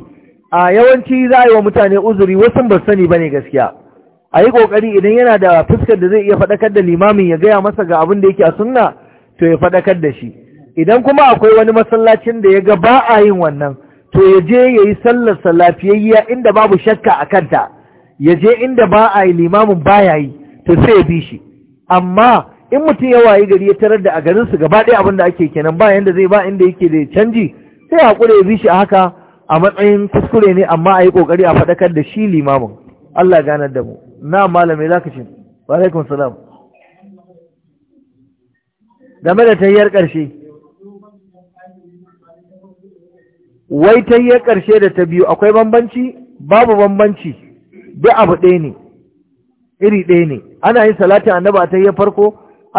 a yawanci za a yi wa mutane uzuri wasu ba sani ba ne gaskiya a yi ƙoƙari idan yana da fuskar da zai iya faɗakar da limamin ya gaya masa ga abin da yake a sunna to ya faɗakar da shi idan kuma akwai wani masallacin da ya ga ba a yin wannan to ya je ya yi sallar salafiyayya inda babu shakka a kanta ya je inda ba a yi limamin baya yi to sai ya bi shi amma in mutum ya wayi gari ya tarar da a garin su gaba ɗaya abin da ake kenan ba yanda zai ba inda yake da canji sai hakuri ya bi shi a haka a matsayin kuskure ne amma a yi ƙoƙari a faɗakar da shi limamin Allah ganar da mu na malami za ka ce wa alaikun salam game da tayyar ƙarshe wai tayyar ƙarshe da ta biyu akwai bambanci babu bambanci duk abu ɗaya ne iri ɗaya ne ana yin salatin annabi a tayyar farko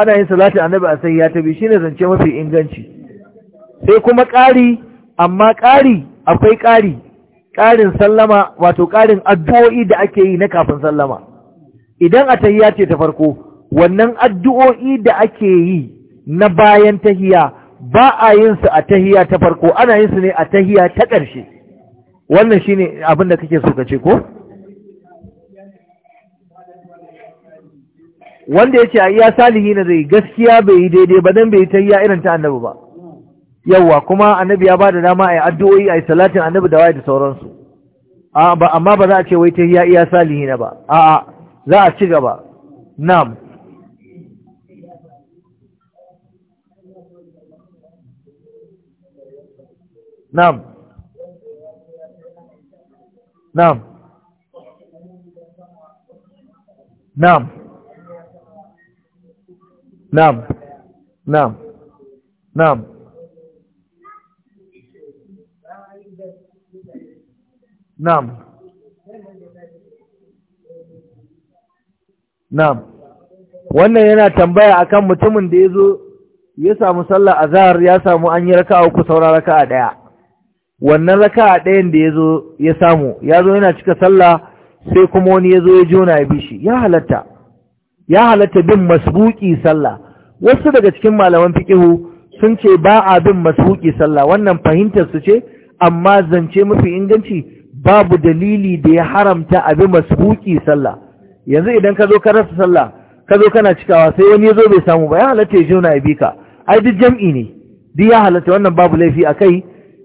ana yin salatin annabi a tayyar ta biyu shine zance mafi inganci sai kuma ƙari amma ƙari akwai ƙari ƙarin sallama wato ƙarin addu'o'i da ake yi na kafin sallama idan a tahiya ce ta farko wannan addu'o'i da ake yi na bayan tahiya ba a yin su a tahiya ta farko ana yin su ne a tahiya ta ƙarshe wannan ne abin da kake so ka ce ko wanda ya ce a iya salihi na zai gaskiya bai yi daidai ba don bai yi tahiya irin ta annabi ba yawwa kuma annabi ya ba da dama a yi addu'o'i a yi salatin annabi da waye da sauransu amma ba za a ce wai tahiya iya salihi na ba a'a za a ci gaba Nam. Nam. Nam. Nam. Nam. Nam. Nam. Nam. na'am wannan yana tambaya akan mutumin da ya zo ya samu sallar azhar ya samu an yi raka'a uku saura raka'a ɗaya, wannan raka'a dayan da ya ya samu ya zo yana cika sallah sai kuma wani ya zo ya jona ya bi shi ya halatta ya halatta bin masbuki sallah wasu daga cikin malaman fiqihu sun ce ba a bin masbuki sallah wannan fahimtar su ce amma zance mafi inganci babu dalili da ya haramta a bi masbuki sallah yanzu idan ka zo ka rasa sallah ka zo kana cikawa sai wani ya zo bai samu ba ya halatta ya ji wani abi ka ai duk jam'i ne duk ya halatta wannan babu laifi a kai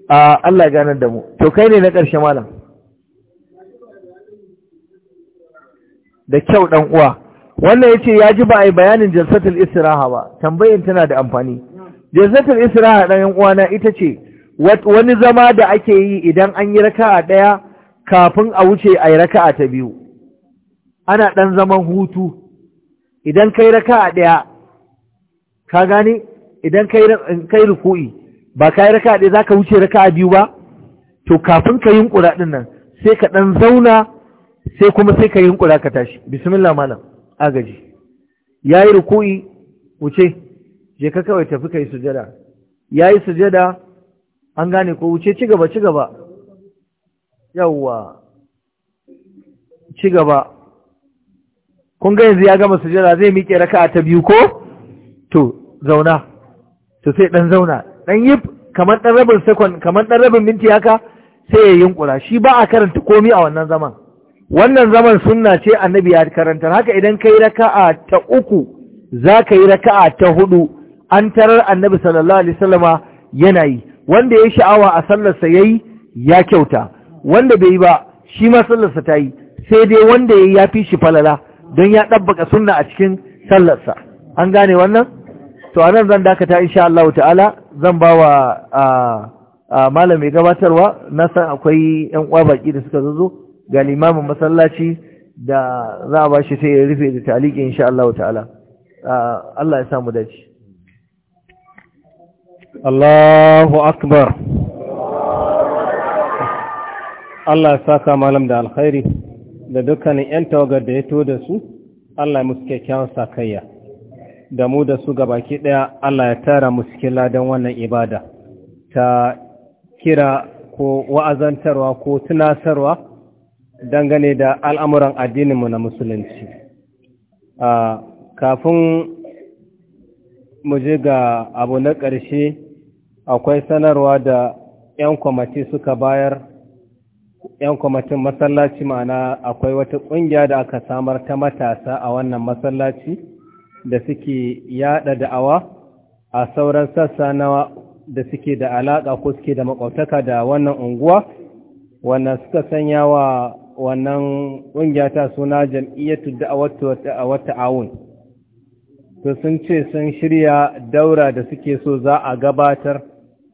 a Allah ganar da mu to kai ne na ƙarshe malam da kyau ɗan uwa wannan ya ce ya ji ba a yi bayanin jalsatul Israha ba tambayin tana da amfani jalsatul Israha, ɗan uwana ita ce wani zama da ake yi idan an yi raka'a ɗaya kafin a wuce a yi raka'a ta biyu ana ɗan zaman hutu idan kai raka a ɗaya ka gani idan kai ruku'i ba ka yi raka a ɗaya za ka wuce raka a biyu ba to kafin ka yi ƙura ɗin nan sai ka ɗan zauna sai kuma sai ka yi ƙura ka tashi bismillah malam agaji ya yi ruku'i wuce je ka kawai tafi ka yi sujada ya yi sujada an gane ko wuce ci gaba ci gaba yawwa ci gaba kun ga yanzu ya gama sujada zai miƙe raka'a ta biyu ko to zauna to sai dan zauna dan yi kamar dan rabin second kamar dan rabin minti haka sai ya yunkura shi ba a karanta komai a wannan zaman wannan zaman sunna ce annabi ya karanta haka idan kai raka'a ta uku za ka yi raka'a ta hudu an tarar annabi sallallahu alaihi wasallama yana yi wanda ya sha'awa a sallarsa yayi ya kyauta wanda bai yi ba shi ma sallarsa ta yi sai dai wanda ya yi ya fi shi falala don ya ɗabbaka sunna a cikin sallarsa an gane wannan to a nan zan dakata insha Allah ta'ala zan ba wa malam gabatarwa na san akwai yan uwa baki da suka zo ga limamin masallaci da za a ba sai ya rufe da taliki insha Allah ta'ala Allah ya samu dace Allahu akbar Allah ya saka malam da alkhairi da dukkanin 'yan tawagar da ya to da su Allah ya musu kyakkyawan sakayya da mu da su gabaki ɗaya Allah ya tara musu cikin ladan wannan ibada ta kira ko wa'azantarwa ko tunasarwa dangane da al'amuran addininmu na musulunci kafin mu je ga abu na ƙarshe akwai sanarwa da 'yan kwamati suka bayar 'yan kwamitin masallaci ma'ana akwai wata ƙungiya da aka samar ta matasa a wannan masallaci da suke yada da'awa a sauran sassa na da suke da alaƙa ko suke da makwabtaka da wannan unguwa wannan suka sanya wa wannan ƙungiya ta suna jam'iyyatu da'awar ta'awun to sun ce sun shirya daura da suke so za a gabatar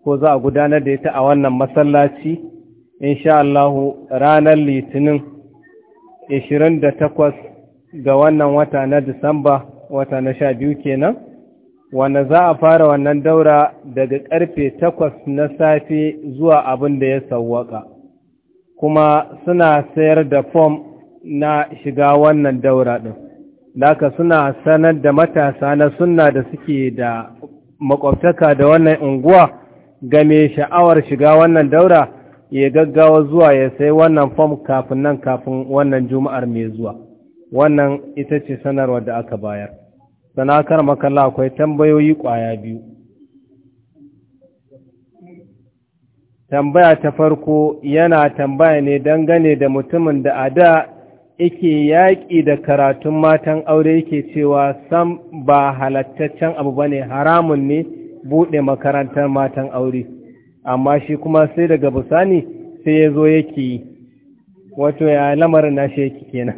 ko za a gudanar da ita a wannan masallaci in sha'allahu ranar litinin 28 ga wannan wata na Disamba wata na sha kenan wanda za a fara wannan daura daga ƙarfe 8 na safe zuwa abin da ya sawwaka kuma suna sayar da fom na shiga wannan daura ɗin laka suna sanar da matasa na suna da suke da makwabtaka da wannan unguwa game sha'awar shiga wannan daura ya gaggawa zuwa ya sai wannan fom kafin nan kafin wannan juma'ar mai zuwa wannan ita ce sanarwar da aka bayar sanakar makalla akwai tambayoyi kwaya biyu tambaya ta farko yana tambaya ne dangane da mutumin da a da yake yaƙi da karatun matan aure yake cewa san ba halattaccen abu bane haramun ne buɗe makarantar matan aure amma shi kuma sai daga busani sai ya zo yake yi wato ya lamarin nashi yake kenan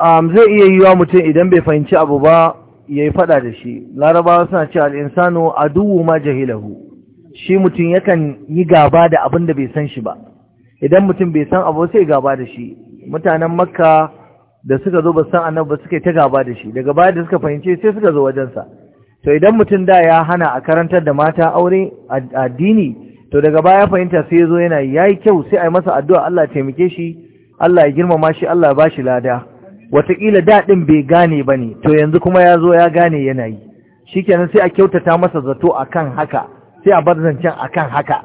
um, zai iya yi wa mutum idan bai fahimci abu ba ya yi fada da shi larabawa suna ce al'insano a duwu ma jahilahu shi mutum yakan yi gaba da abin da bai san shi ba idan mutum bai san abu sai gaba da shi mutanen makka da suka zo ba san annabi ba suka yi ta gaba da shi daga baya da suka fahimce sai suka zo wajensa to idan mutum da ya hana a karantar da mata aure addini to daga baya fahimta sai zo yana yayi kyau sai ai masa addu'a Allah taimake shi Allah ya girmama shi Allah ya bashi lada wataƙila da ɗin bai gane ba ne, to yanzu kuma ya zo ya gane yana yi shikenan sai a kyautata masa zato kan haka sai a bar zancen akan haka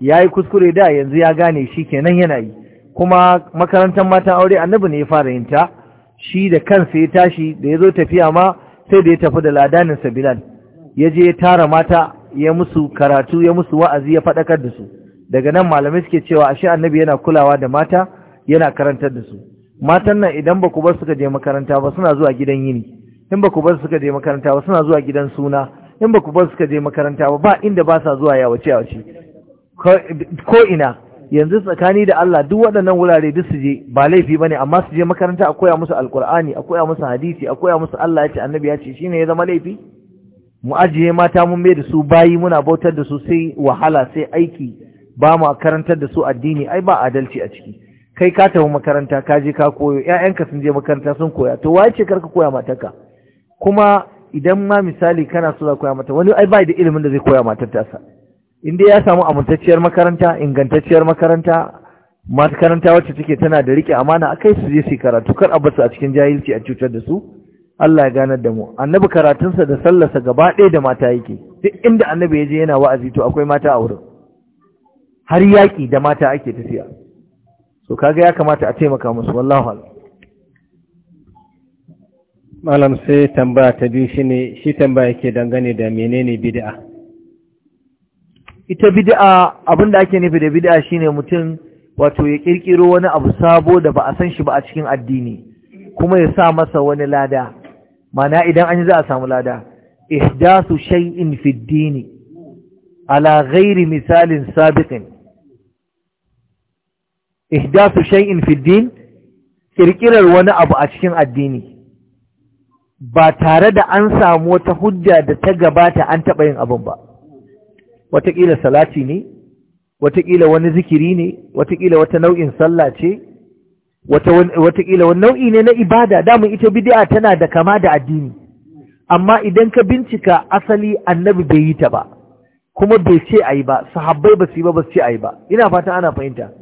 yayi kuskure da yanzu ya gane shikenan yana yi kuma makarantar matan aure annabi ne ya fara yin ta shi da kansa ya tashi da ya zo tafiya ma sai da ya tafi da ladanin sabilan ya je ya tara mata ya musu karatu ya musu wa'azi ya faɗakar da su daga nan malamai suke cewa ashe annabi yana kulawa da mata yana karantar da su matan nan idan ba ku bar suka je makaranta ba suna zuwa gidan yini in ba ku bar suka je makaranta ba suna zuwa gidan suna in ba ku bar suka je makaranta ba ba inda ba sa zuwa yawace yawace ko ina yanzu tsakani da Allah duk waɗannan wurare duk su je ba laifi ba ne amma su je makaranta a koya musu alkur'ani a koya musu hadisi a koya musu Allah ya ce annabi ya ce shi ne ya zama laifi mu ajiye mata mun mai da su bayi muna bautar da su sai wahala sai aiki ba mu karantar da su addini ai ba adalci a ciki kai ka tafi makaranta ka je ka koyo ƴaƴanka sun je makaranta sun koya to waye ce karka koya matarka kuma idan ma misali kana so za koya mata wani ai ba da ilimin da zai koya matar tasa inda ya samu amintacciyar makaranta ingantacciyar makaranta makaranta wacce take tana da rike amana akai su je su karatu kar a basu a cikin jahilci a cutar da su Allah ya ganar da mu annabi karatunsa da sallarsa gaba ɗaya da mata yake duk inda annabi ya je yana wa'azi to akwai mata a wurin har yaƙi da mata ake tafiya so kaga ya kamata a taimaka musu wallahu alam malam sai tambaya ta biyu shine shi tambaya yake dangane da menene bid'a ita bid'a da ake nufi da bid'a shine mutum wato ya kirkiro wani abu sabo da ba a san shi ba a cikin addini kuma ya sa masa wani lada mana idan an yi za a samu lada ihdasu shay'in fi dini ala ghairi misalin sabiqin ihdasu shay'in fi din kirkirar wani abu a cikin addini ba tare da an samu wata hujja da ta gabata an taɓa yin abin ba Wataƙila salati ne watakila wani zikiri ne watakila wata nau'in sallah ce watakila wani nau'i ne na ibada damu ita bid'a tana da kama da addini amma idan ka bincika asali annabi bai yi ta ba kuma bai ce a yi ba sahabbai ba su yi ba ba su ce a ba ina fata ana fahimta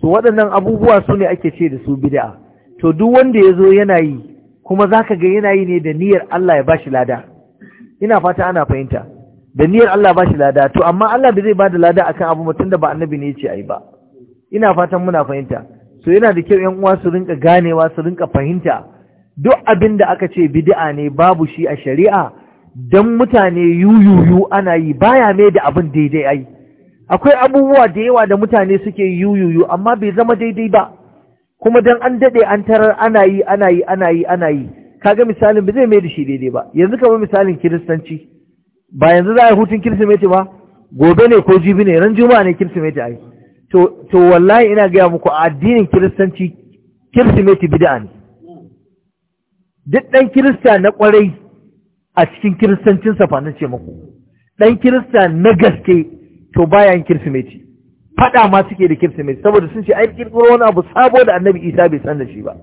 su waɗannan abubuwa su ne ake ce da su bid'a to duk wanda ya zo yana yi kuma za ka ga yana yi ne da niyyar Allah ya bashi lada ina fata ana fahimta da niyyar Allah ba shi lada to amma Allah ba zai ba da lada akan abu mutum da ba annabi ne ya ce ai ba ina fatan muna fahimta so yana da kyau yan uwa su rinka ganewa su rinka fahimta duk abin da aka ce bid'a ne babu shi a shari'a dan mutane yuyuyu ana yi baya mai da abin daidai ai akwai abubuwa da yawa da mutane suke yuyuyu amma bai zama daidai ba kuma dan an dade an tarar ana yi ana yi ana yi ana yi kaga misalin ba zai mai da shi daidai ba yanzu kamar misalin kiristanci ba yanzu za a yi hutun kirsimeti ba gobe ne ko jibi ne ran juma'a ne kirsimeti a to to wallahi ina gaya muku a addinin kiristanci kirsimeti bid'a ne duk ɗan kirista na kwarai a cikin kiristancin safanin ce maku. ɗan kirista na gaske to baya yin kirsimeti faɗa ma suke da kirsimeti saboda sun ce ai kirkiro wani abu sabo da annabi isa bai san da shi ba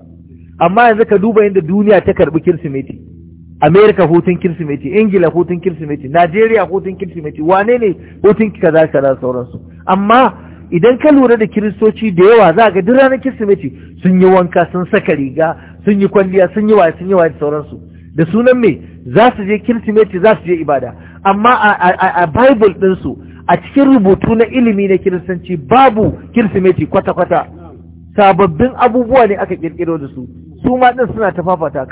amma yanzu ka duba yadda duniya ta karɓi kirsimeti amerika hutun kirsimeti ingila hutun kirsimeti najeriya hutun kirsimeti wane ne hutun kaza kaza sauransu amma idan ka lura da kiristoci da yawa za ga duk ranar kirsimeti sun yi wanka sun saka riga sun yi kwalliya sun yi waye sun yi waye sauransu da sunan me za su je kirsimeti za su je ibada amma a bible ɗinsu a cikin rubutu na ilimi na kiristanci babu kirsimeti kwata-kwata sababbin abubuwa ne aka kirkiro da su su ma ɗin suna ta fafata